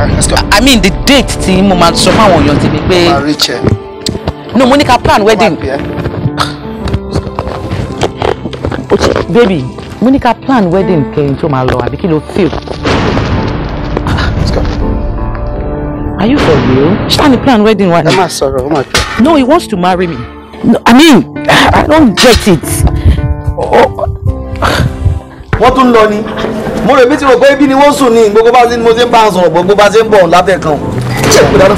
I mean the date tí mo máa sọ fún àwọn èèyàn tèmi pé. No, mo ní ká plan wedding. Baby, mo ní ká plan wedding kẹ́yìn tó máa lọ àbí kí ló feel. Are you for real? Ṣáà ni plan wedding one. ni. Ẹ máa sọ̀rọ̀, No, he wants to marry me. No, I mean, I don't get it. Oh, wọ́n tún lọ ni mo rò bí ti rò pé ibi ni wọ́n sùn ní gbogbo bá mo ti ń bá a sọ̀rọ̀ gbogbo bá ti ń bọ̀ látẹ̀kan. ìdáná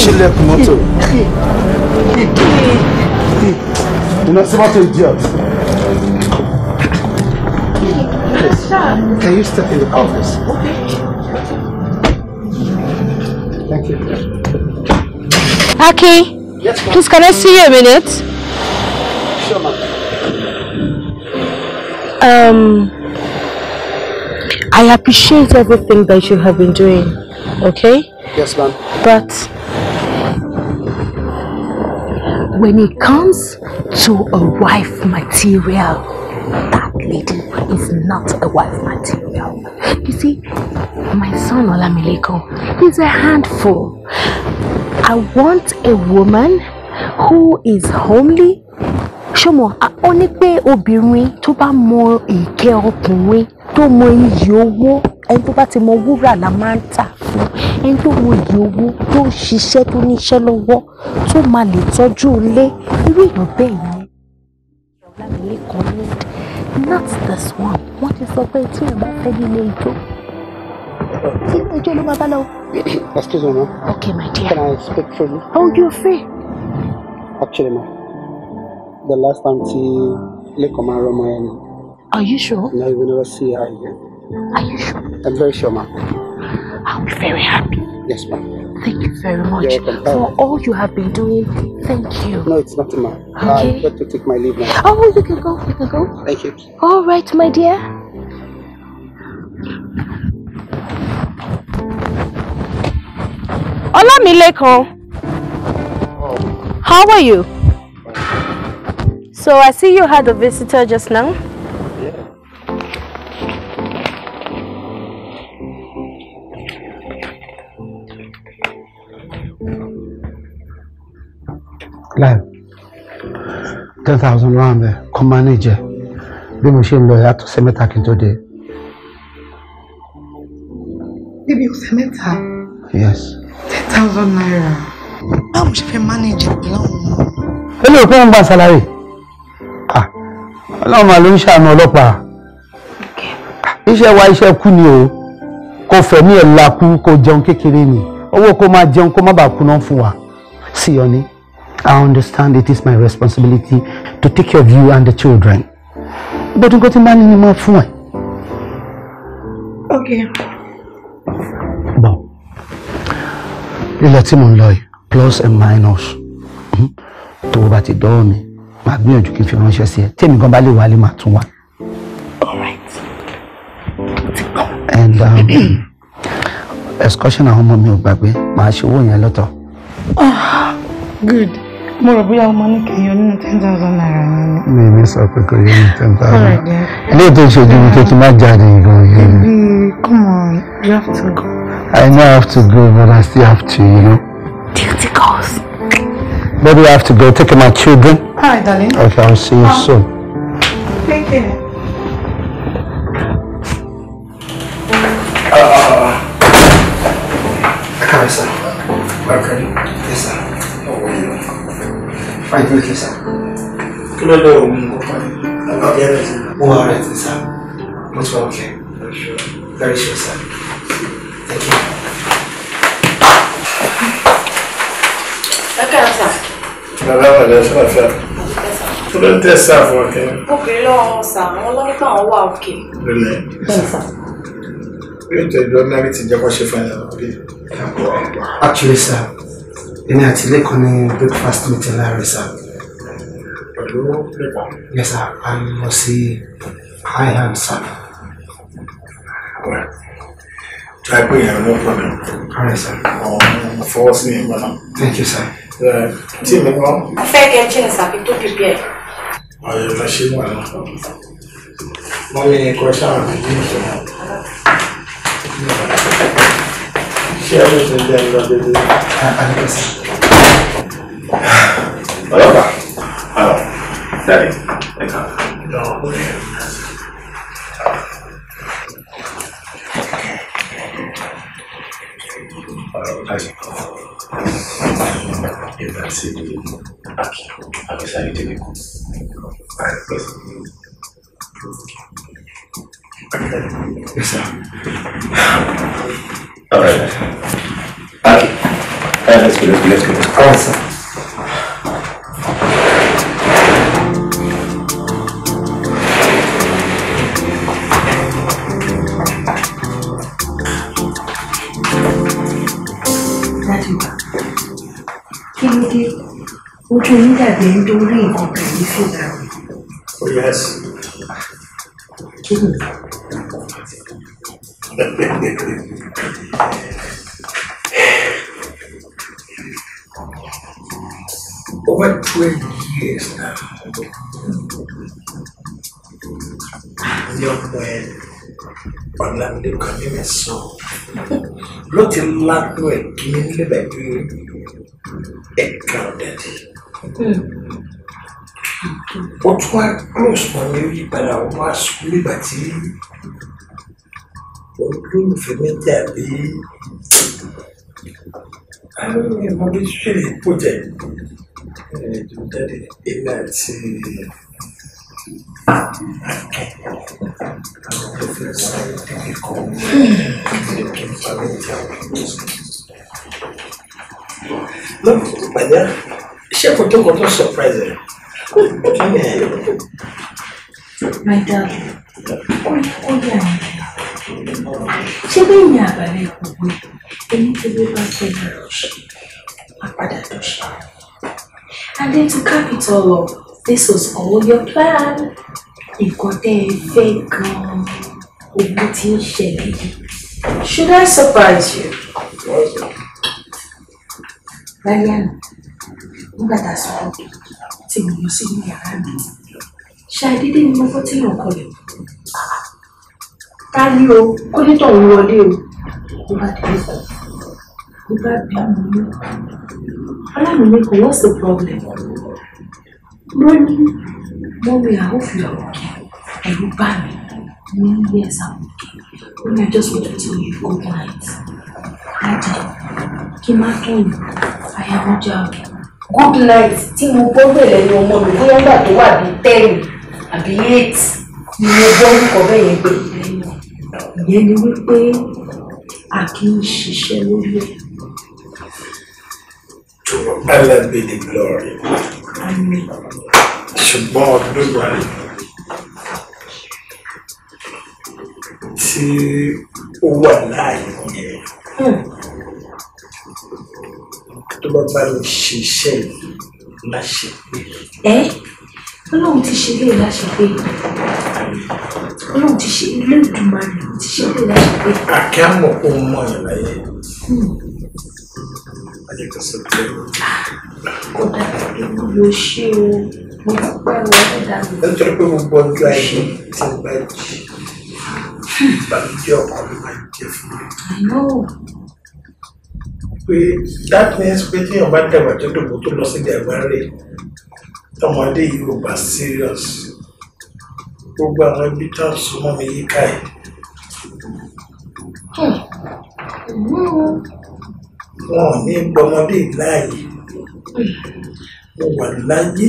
ṣílẹ̀ kù mọ́tò. iná sí mọ́tò ìdí ọ̀tí. Can you step in the office? Okay. Aki, yes, please can I see you a minute? Sure, ma'am. Um, I appreciate everything that you have been doing, okay? Yes, ma'am. But when it comes to a wife material, that lady is not a wife material. You see, my son Olamileko is a handful. I want a woman who is homely. Ṣọmọ, a only ní pé obìnrin tó bá mọ ìkẹ́ ọkùnrin tó mọ iyì owó ẹni tó bá ti mọ wúrà la máa ń tà fún ẹni tó mọ iyì owó tó ń ṣiṣẹ́ tó níṣẹ́ lọ́wọ́ tó máa lè tọ́jú ilé irú èèyàn bẹ́ẹ̀ ni Ọlámilékan ní not this one wọ́n ti sọ pé tí èèyàn bá fẹ́ nílé ijó tí ijó ló máa bá lọ. excuse me ma. okay my dear. can I speak for oh, you. How do you feel? actually ma the last time tí lẹ́kọ̀ọ́ máa rọ́ ọmọ ẹ̀ Are you sure? No, you will never see her again. Are you sure? I'm very sure, ma'am. I'll be very happy. Yes, ma'am. Thank you very much for all you have been doing. Thank you. No, it's not, ma'am. Okay. I've got to take my leave now. Oh, you can go. You can go. Thank you. All right, my dear. Olamilekan. How are you? So I see you had a visitor just now. láì ten thousand rand bẹ́ẹ̀ manager. mánéjẹ bí mo ṣe ń lọ yàtọ̀ sí mẹ́ta kí n tó dé. níbi ọ̀sẹ̀ mẹ́ta. yes. ten thousand naira báwo ṣe fẹ́ manager. pẹ̀lú àwọn ọmọ. ó lè pé wọ́n gba sàlárì ọlọ́run máa ló ń ṣàánú ọlọ́pàá iṣẹ́ wa iṣẹ́ kú ni o kò fẹ̀mí ẹ̀ lakú kò jẹun kékeré ni owó kó máa jẹun kó má bàa kú fún wa sí ọ ní. I understand it is my responsibility to take care of you and the children. But nǹkan tí máa man ni mo fún Okay. Bọ̀, let him mo ń plus and minus, hmm? To o bá ti dọ́wọ́ mi, màá gbìyànjú kí n fi ránṣẹ́ sí ẹ. Tèmi gan bá lè wálé màá tún wá. All right. And um, excursion àwọn ọmọ mi ò gbàgbé, màá ṣe owó yẹn Ah, Good mo rò bóyá o máa ní kéèyàn nínú ten thousand naira ni. mi mi sọ pé kò yẹ ní ten thousand. ilé tó ṣojú mi tó ti má jáde gan yẹn. baby come on you have to go. I know I have to go but I still have to you know. duty calls. Baby, I have to go take my children. Hi, darling. Okay, I'll see you um, soon. Take care. Uh, Carissa, uh, uh, uh. welcome ti kí sá. kí ló lọ́wọ́ mi nǹkan pa mi. àbá bí ẹ̀rọ ti. mo wà rẹ̀ ti sá. mo ti wà very sure sir. thank you. ẹ kẹ́ ẹ sá. bàbá àbàlẹ̀ ọ̀ṣọ́ àfẹ́. kí ló ń tẹ̀ sá fún ọkẹ́. obìnrin lọ́wọ́ sá wọn lọ́wọ́ pé àwọn wà òkè. lónìí. bẹ́ẹ̀ sá. yóò tẹ̀ ju ordinary ti jẹ́ kó ṣe fún actually sir. èmi àti lẹ́kọ̀ọ́ breakfast with láàrin sir. yes sir i ń lọ sí high oh, hand sir. tí try pè yẹn no problem. alright sir. ọ̀hún force me, ma'am. thank you sir. tí mi kọ́. a fẹ́ kẹ́ chair sàbí tó pípẹ́. ọ̀yọ́ lọ machine, madam náà. mọ́mí kọ́ sáà Chciałem ten ten robić. Pani profesor. Olha lá. Olha lá. Peraí. Vem cá. olha Eu não sei aqui. Aqui sai de mim. Vai, professor. Professor. Dobra. Aquí. Gracias, gracias, gracias. Avanza. kí ló dé ojú yín dàbí ń dórí nǹkan pẹ̀lú fìlà. ó yẹ ẹ sí. kí ni. Over 20 years now. Young man, Ọ̀làmídé Kọ́lẹ́mẹ̀ sọ ló ti ládùn ẹ̀ kí ní níbẹ̀ bí ẹ̀ka ọ̀dẹ̀dẹ̀. Ó tún wá close mọ́ mi rí padà wá sùkúlù Porque fermenterbii aveva una visione potente eh, di dare innanzi anche alla professione di come che Non ma già si è fatto con sorpresa. My dad. Oh, oh yeah. ṣé bẹ́ẹ̀ ni àbálẹ̀ ìkòkò ẹni tí ló bá fẹ́ bẹ̀rẹ̀ ọ̀ṣẹ́ apádà dọ̀ṣẹ́. And then to cap it all up, this was all your plan. Nǹkan tẹ́ ẹ fẹ́ gan-an, ogun tí ń ṣẹlẹ̀ yìí. Should I surprise you? Lálẹ́ àná, nígbà tá a sọ̀rọ̀ tí mo lọ sí ní yàrá mi, ṣàdédé ni mo gbọ́ tí yàn kọlẹ̀ táyé o kó nítòun wọlé o ló bá dé lẹ́kọ̀ọ́ ló bá bí àmì mi ọlọ́run mi kò wọ́n sí problem ló ní mo rí àwọn òfin ọ̀rọ̀ ẹ̀rù bá mi ní ilé ẹ̀sà òkè ó ní ẹjọ́ sọ̀rọ̀ tí ó yẹ kó kún àìtì láti kí má kẹ́yìn àyàwó já good night tí mo bọ́ bẹ̀rẹ̀ ní ọmọ mi bóyá nígbà tó wà bíi ten àbí eight ni mo bọ́ orúkọ bẹ́ẹ̀ yẹn pé ìyẹn ni wípé a kì í ṣiṣẹ́ lórí ẹ̀. To Allah be the glory. Ṣùgbọ́n ọdún wáyé tí ó wà láàyè yẹn hmm. tó bá bá lè ṣiṣẹ́ láṣepẹ́ ọlọ́run ti ṣe lé láṣepé ọlọ́run ti ṣe ilé ìdùnmọ̀ràn ó ti ṣe lé láṣepé. àkẹ́ àmọ̀ kó mọ ìlàyé hmm. ayé kan sọ pé. kò dára ìlú ló ṣe o mo dúpẹ́ o ẹ̀dá mi. nítorí pé gbogbo ọjọ́ ayé ti ń bá jì ìbànújẹ́ ọkọ mi máa jẹ fún mi. pé that means pé tí èèyàn bá dàgbà tó dògbò tó lọ sí ìdàgbà rẹ̀ ọmọdé yìí ò bá serious gbogbo àwọn ibi tó ń súnmọ́ mi yíká ẹ̀. Hmm. wọn ò ní gbọmọdé láàyè mo wà láyé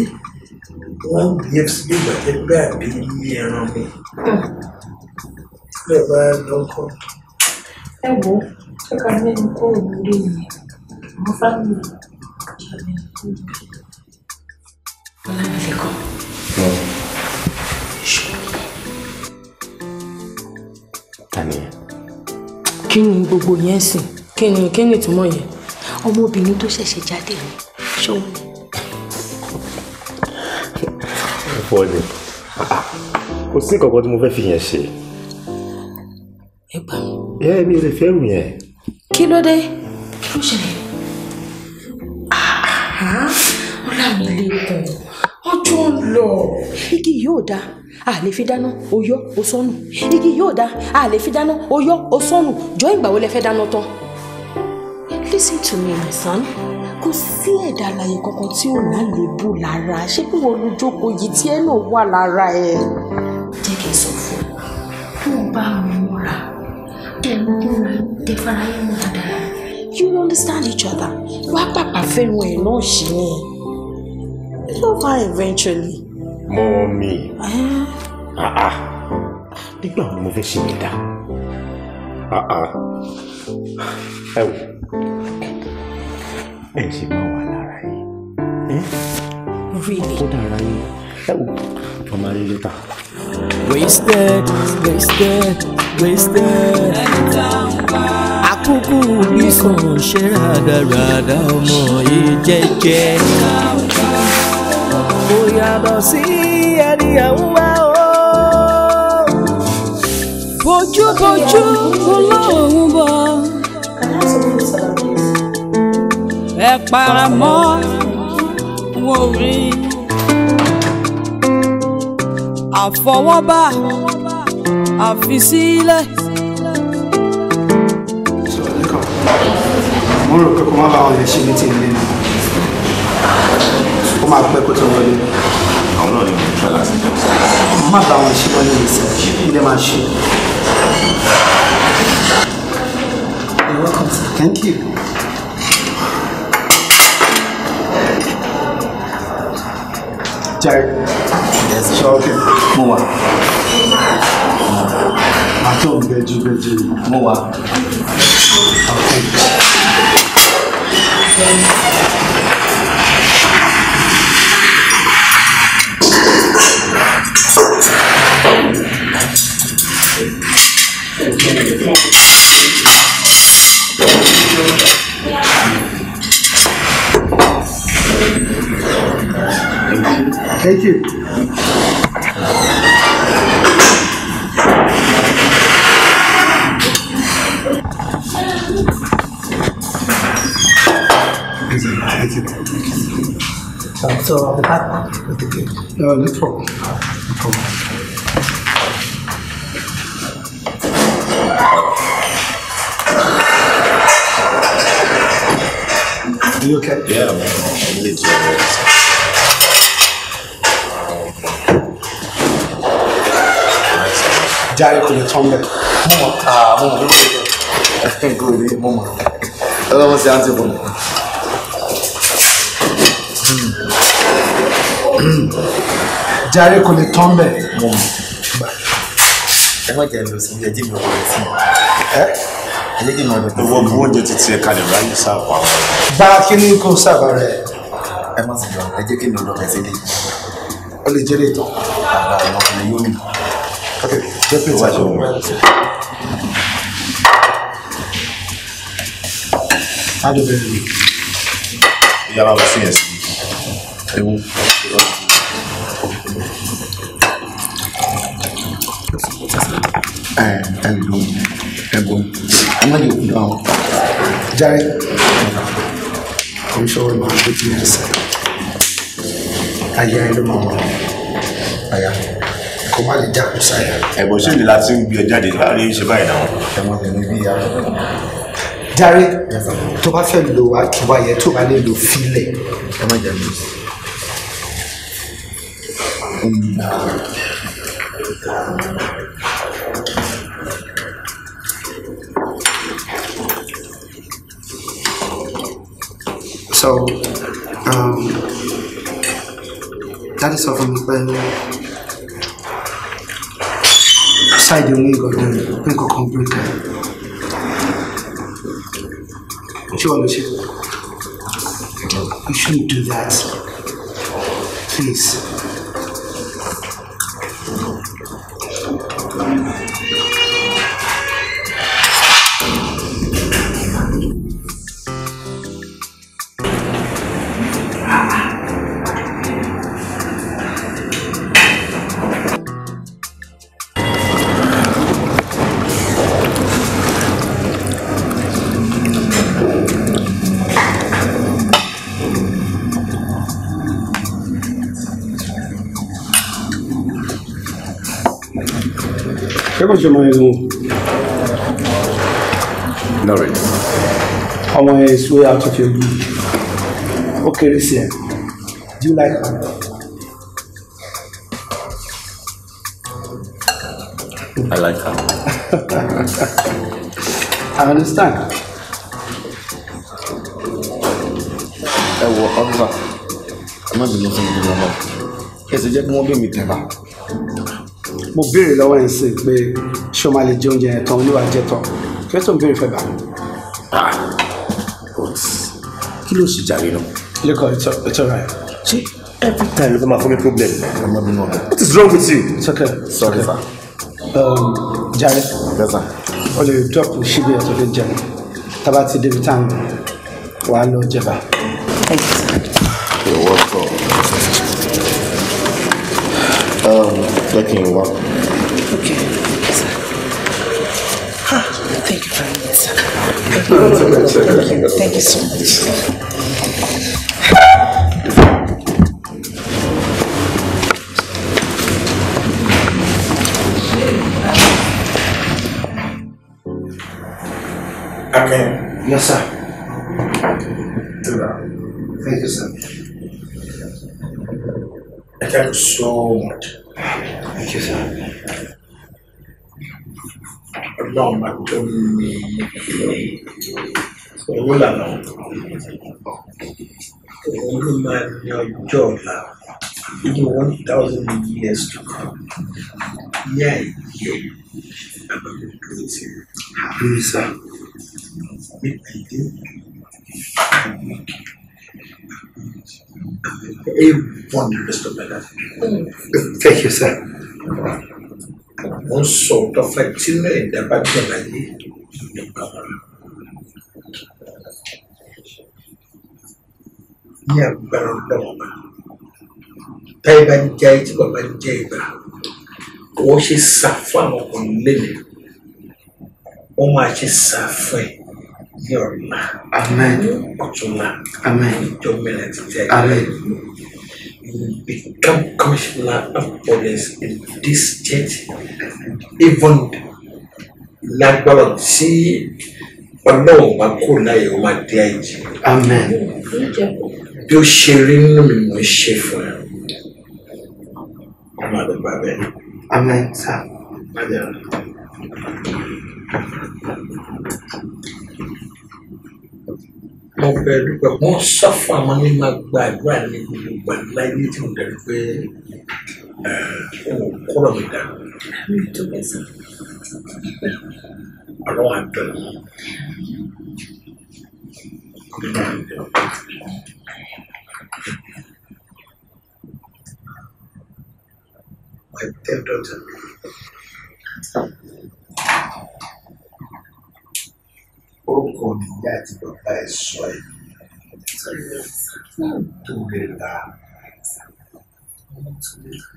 wọn bí fcb gbàjẹ́ pé àbí ní ẹran mi. bẹ́ẹ̀ bá lọ́kọ̀. ẹ wo ṣé ká ní ẹni kó o lórí yìí mo fáwọn ìjàmbá ìlú. Ọlámilékan. Tani ẹ? Kí ni gbogbo yẹn sìn? Kí ni kí ni ìtumọ̀ yẹn? Ọmọbìnrin tó ṣẹ̀ṣẹ̀ jáde ni, ṣóun ni. Ẹ̀fọ́ ni, kò sí kankan tí mo fẹ́ fi yẹn ṣe. Ẹ gbà mí. Ẹ mi ò lè fẹ́ rù yẹn. Kí ló dé? Kí ló ṣẹlẹ̀? Ọlámilékan. Ah, ah, yóò da a fi dáná o yọ igi yóò da a fi dáná o yọ jọ ìgbà wo lẹ fẹ́ dáná tán. listen to me my son kò sí ẹ̀dá alàyè kankan tí ò lálébù lára ṣé bí wọn ló jókòó yìí tí ẹ náà wà lára ẹ. jẹ́ kí n sọ fún ọ tó ń bá mi múra tẹ̀ ń múra tẹ̀ múra dára. you understand each other wá pàpà fẹ́ràn ẹ̀ náà ṣì ni love her eventually mọ́ mi ah, ah. ah, nígbà wo ni mo fẹ́ ṣe mí dá ẹ wò ẹ ṣe máa wà lára yìí kódà ara yìí ẹ wò ọmọ rere ta. wasted wasted wasted àkókò bí kò ṣe rádaràda ọmọ yìí jẹ́jẹ́ yàtọ̀ sí ẹni à ń wá o. bójúbójú olóòórùn bọ̀ ẹ para mọ́ wọn ò rí àfọwọ́bá àfisílẹ̀. mo rò pé kò má bàa wọlé ṣe ní tèmi lẹ́nu máa pẹ́ kó tó wọlé. má bá wọn ṣe wọlé ìsẹ̀ ilé máa ṣe. welcome, Thank you. Jerry. Yes, sir. Sure, okay. Mo wà. Àtọ̀ gbẹjúgbẹjú. Mo wà. Okay. you. so the back, no, no problem. No Are you okay? Yeah. járe kò lè tán bẹ́ẹ̀. mo mọ̀ aa ah, mo mọ̀ nígbà tó ń gbòòrè mo mọ̀ [LAUGHS] ọlọ́mọ sí àǹtí bò mí. járe kò lè tán bẹ́ẹ̀. mo mọ̀ ẹ má jẹ́ lọ sí ilé ẹjí mi wọlé sí i ìwọ bí wọ́n jẹ títí ẹ̀ka lè ráyè sáàpà rẹ̀. bá a kí ni kò sáàpà rẹ̀. ẹ má sì lọ ẹ jẹ́ kí ni olùkẹ́sílẹ̀. ó lè jẹ́rìí tán. àgbà ìwọ̀n ni yóò nù ṣé pé wá ṣe òun rẹ̀ tó. adébẹ̀ ni ìyá máa lọ sí yẹn sí ewu. ẹ ẹ lò ẹ bọ ẹ má yòókù náà járe kò ń ṣọwọ́ ìmọ̀ àgbẹ̀tì yẹn sẹ́yìn ayé ayé ló máa wọ̀ ọ̀yà kó má lè dàrú sáyà. ẹ̀gbọ́n ṣé ìlera ti ń gbé ẹ jáde láàrin ṣe báyìí náà. ẹ̀wọ̀n mi ní bí i yàrá. dárí tó bá fẹ́ lo àtúwá yẹn tó bá lè lo fílẹ̀ ẹ má jẹ́ mi. So, um, that is all from the side òun gọ̀dọ̀ nǹkan kan break ẹ̀ ṣé wọn lọ you shouldn't do that please. kò ṣe ọmọ yẹn nù. no really. ọmọ yẹn is way out of your league ó kéré sí ẹ do you like her? I like her. [LAUGHS] I understand. Ẹ wọ ọgbà, ẹ má bínú sí ìdílé ọmọ. Ẹ sì jẹ́ kí wọ́n bí mi tẹ̀ bá mo béèrè lọ́wọ́ ẹ̀ ń sìn pé ṣé o máa lè jẹ oúnjẹ yẹn tán olúwa jẹ tán kí ló tó ń béèrè fẹ́ gbà. Ah, kí ló sì jàre náà. lẹ́kọ̀ọ́ ìtọ́ ra ẹ̀. ṣé every time ló fẹ́ máa fún mi problem. what is wrong with you. it's okay. sorry sir. Um, jàre. yes sir. o lè drop ṣíbi ẹ̀ tó lè jẹun tábà ti débi táwọn wàá lọ jẹba. fucking walk. Okay. Huh. Thank you very much. Thank you. Thank you so much. Okay. Yes, sir. Thank you, sir. I Thank you so much. dans ma commune. Olala. Oluman Yojola. In 1,000 years to come. Yeah, yeah. I'm going i Thank you, sir. um solto flexível da batida ali ní agbára ọlọ́ọ̀ba táyé bá ń já etí bàbá ń já ìgbà wọ́n ṣe sá fún àwọn ọkùnrin lélẹ̀ wọ́n máa ṣe sá fún ẹ̀ ní ọ̀la ọ̀túnla ìjọ mẹ́rin àti ìjà ìgbà. become commissioner of police in this church. even God, see, but no, kò láyé o máa Amen. Bí sharing, ṣe rí nínú mi Amen. Amen. Amen, mo fẹ́ dúpẹ́ wọ́n sá fún àwọn ní máa gba àdúrà ní gbogbo ìgbà láyé tí mo dẹ̀rù pé òun eh, kúrò mi dà. ọlọ́run àjọ mi. My dear daughter. scopo mediatico adesso è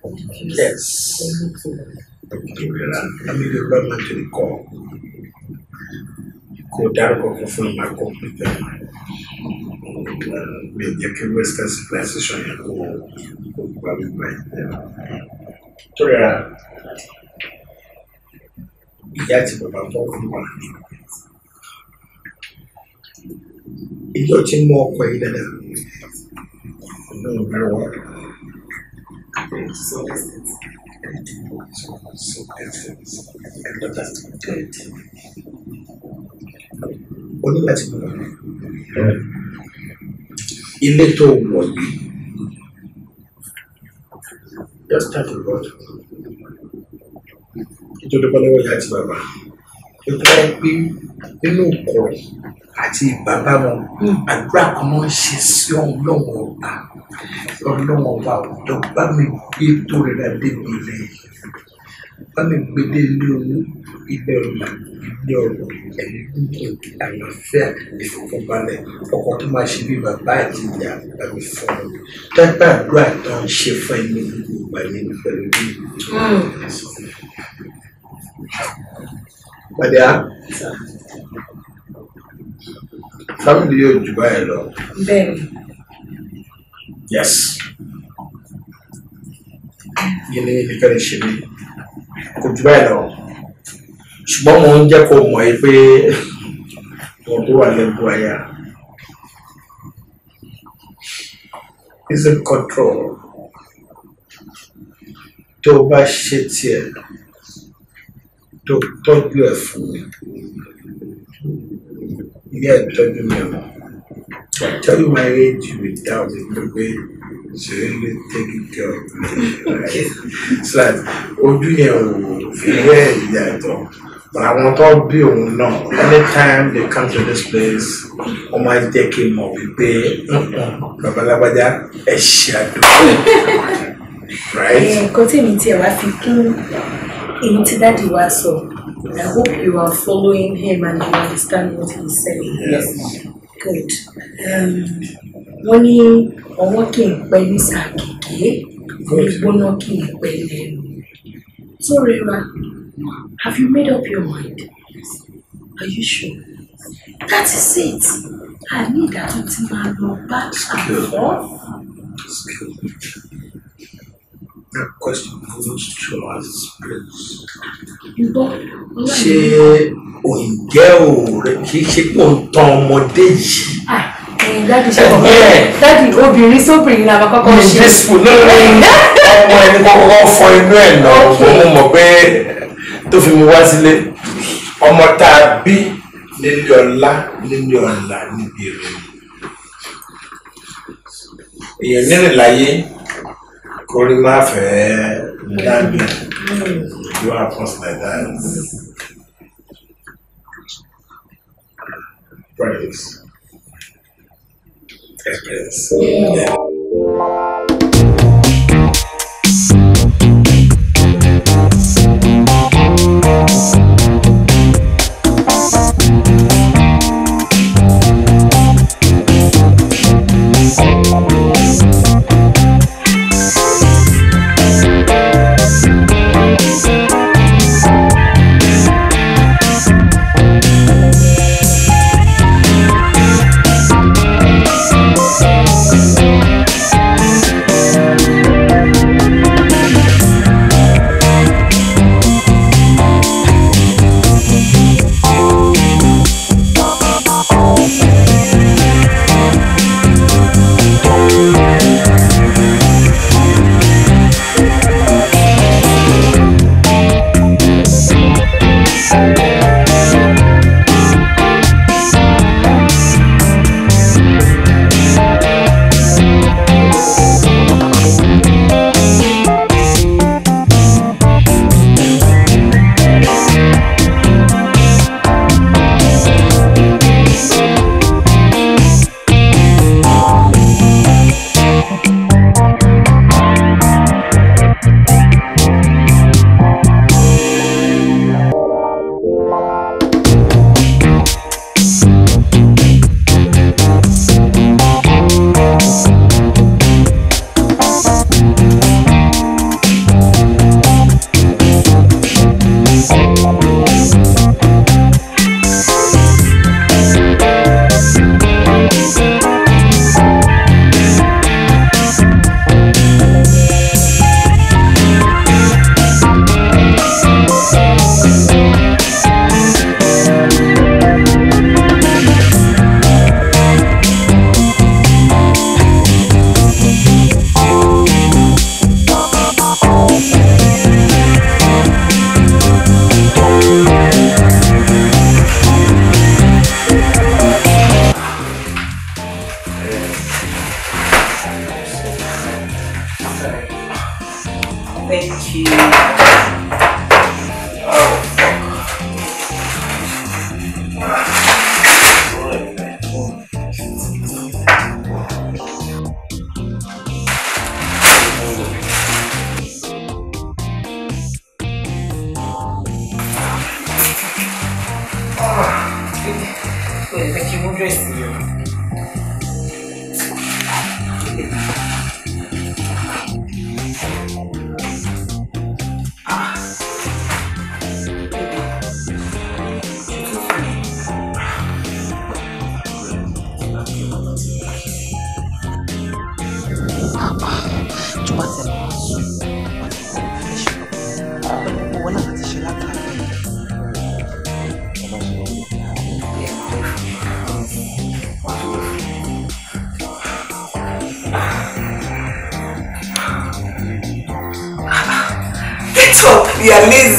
cultura yes la miglior parte di corpo contare che la forma completamente quindi anche questa esperienza c'è probabilmente Tu gli altri per un po' più èyí ò ti mú ọkọ yìí dáadáa no very well. So, just thank you God nítorí pé lọ́wọ́ yá ti bàbá tó tó yẹ pé nínú ìkọ̀rọ̀ àti ìbàbá wọn àdúrà kan máa ń ṣe sí ọlọ́run ọba ọlọ́run ọba àwùjọ bá mi gbé tó rẹ̀ débi rẹ̀ bá mi gbé dé ilé owó ilé ọ̀la ilé ọ̀rọ̀ ẹ̀mí gbogbo àlàáfíà ìfọ̀kànbalẹ̀ ọkọ̀ tó máa ṣe bí bàbá àti ìyá àmì fún un dábàá àdúrà tó ń ṣe fún ẹni gbogbo ìgbà ní pẹ̀lú bí. baada ya famili hiyo yes. yìí ni nìkan lè ṣe mí kò jù báyìí lọ ṣùgbọ́n mo ń jẹ́ kó mọ̀ ẹ́ pé is it control tó bá ṣe tó tọ́jú ẹ̀ fún mi ilé ẹ̀ tọ́jú mi ọ̀ tell you my age without the way seriously taking care of me right so that ojú yẹn ò fi wẹ́ẹ̀ yàtọ̀ but àwọn tó bí òun náà anytime they come to this place wọ́n máa jẹ́ kí n mọ̀ wípé babalábájá [LAUGHS] ẹ̀ ṣe àdúgbò right. nǹkan tí èmi tiẹ̀ wá fi kún into that so I hope you are following him and you understand what he's saying. Yes. Good. wọ́n ní ọwọ́ kì í pẹ́ ní sàkèké ìgbóná kì í So Rera, have you made up your mind? Are you sure? That is it. I need that to máa lọ bá ṣàkóso. ṣé òǹjẹ́ ò rẹ̀ kì í ṣe pò ń tan ọmọdé yìí. Ah, dáàdì ṣe kọ̀ọ̀kan dáàdì obìnrin sóbìnrin la máa kọ́kọ́ ṣe. mi disipul lórí ọmọ ẹni kọ́kọ́ fọ inú ẹ̀ lọ mo mọ̀ pé tó fi mi wá sílé ọmọ tá a bí nílé ọlá nílé ọlá níbi èrè èèyàn nírìnláyé. Korimafe, Nami, you are post like that. Praise. Experience. Yeah.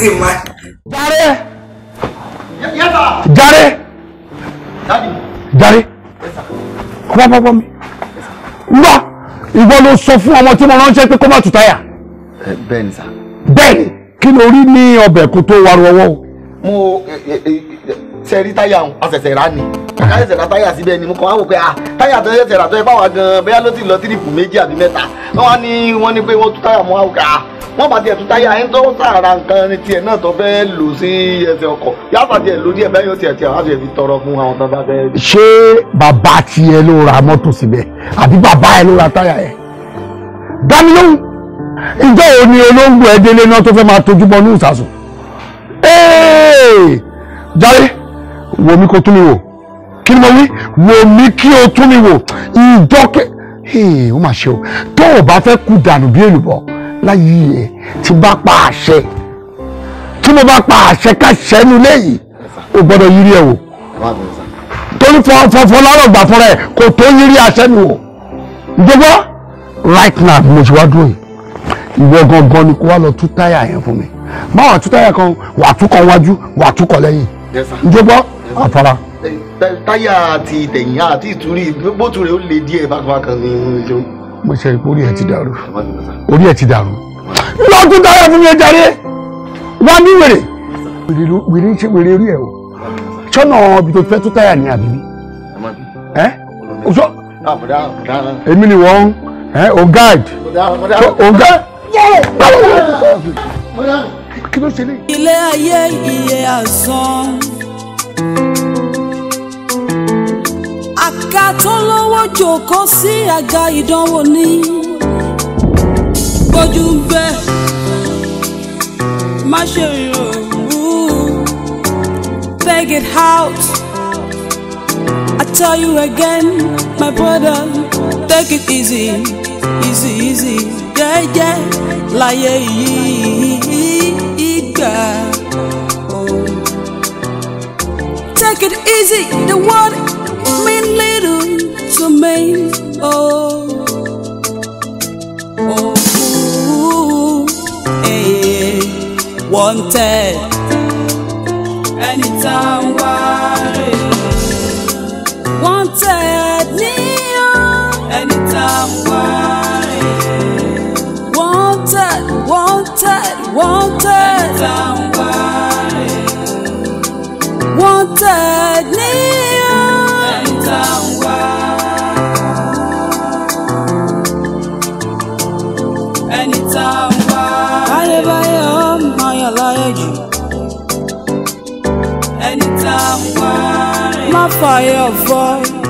in mind. Jare! Yes, sir. Jare! Daddy. Jare! Yes, sir. Wá bá bá mi. Wá! Ìwọ ló sọ fún ọmọ tí mo ránṣẹ́ pé kó má tù táyà. Bẹ́ẹ̀ni sà. Bẹ́ẹ̀ni, kí ló rí ní ọbẹ̀ kó tó wa rọwọ́? Mo eh, eh, eh, ṣe rí táyà ọ̀hún, a ṣẹ̀ṣẹ̀ rà ni. Ká ṣẹ̀ṣẹ̀ ra táyà síbẹ̀ ni mo kàn wá wò pé ah táyà tó ṣẹ̀ṣẹ̀ rà tó ẹ bá wa gan-an bẹ́ẹ̀ ló ti lọ tírìpù méjì àbí mẹ́ta. Wọ́n wá ní wọ́n ní pé wọ́n tú táyà mọ́ àwòká wọ́n bá tiẹ̀ tún táyà ẹni tó sàrà nǹkan ni tiẹ̀ náà tó fẹ́ lò sí ẹsẹ̀ ọkọ̀ yàtọ̀ tiẹ̀ lórí ẹ̀ bẹ́yọ̀ tiẹ̀ tiẹ̀ wá tiẹ̀ fi tọrọ fún àwọn tó bá ṣé bàbá tiẹ̀ ló ra mọ́tò síbẹ̀ àbí bàbá ẹ̀ ló ra táyà ẹ̀ dámi lóhùn ìjọ wo ni olóńgbò ẹ délé náà tó fẹ́ máa tojú bọ ní ìsàsùn jáde wo mi kó tún mi wò kí ni mo wí wo mi kí o tún mi wò ìjọ kẹ ó mà ṣe o tó o bá fẹ́ kú dànù bí èlùbọ́ láyé ẹ tí bá pa àṣẹ tí mo bá pa àṣẹ ká ṣẹ́nu léyìí o gbọ́dọ̀ yírí ẹ̀ wò torí fọfọfọ lọ́rọ̀ gbà fúnra ẹ̀ kò tó yírí àṣẹ mi wò gbogbo right now mo ti wá dúró yìí ìwọ gangan ni kó wá lọ tú táyà yẹn fún mi má wàá tú táyà kan wàá tú kan wájú wàá tú kan lẹ́yìn gbogbo àfara. táyà àti ìtẹ̀yìn àti ìtúrí bótú rẹ̀ ó le díẹ̀ bákan bákan ni mo mo ṣe rí pé orí ẹ ti dàrú orí ẹ ti dàrú lọ́dún táyà fún mi ẹ jàre wá ní wèrè wèrè ṣe wèrè orí ẹ o sọ́nà ibi tó fẹ́ tó táyà ní àbíbí ẹ́ o sọ ah, èmi ni wọ́n ẹ́ o guide o guide. ilé ayé iye àsán àga tó lówó jòkó sí àga ìdánwò ní gbójú ń bẹ má ṣe rírò beg it out I tell you again my brother take it easy easy easy Yeah, yeah, láyé yìí ìgbà. Oh. Take it easy, the world Oh, oh, eh, eh, wanted. Anytime, Wanted, Anytime, Wanted, wanted, wanted. Anytime, Wanted. fire fall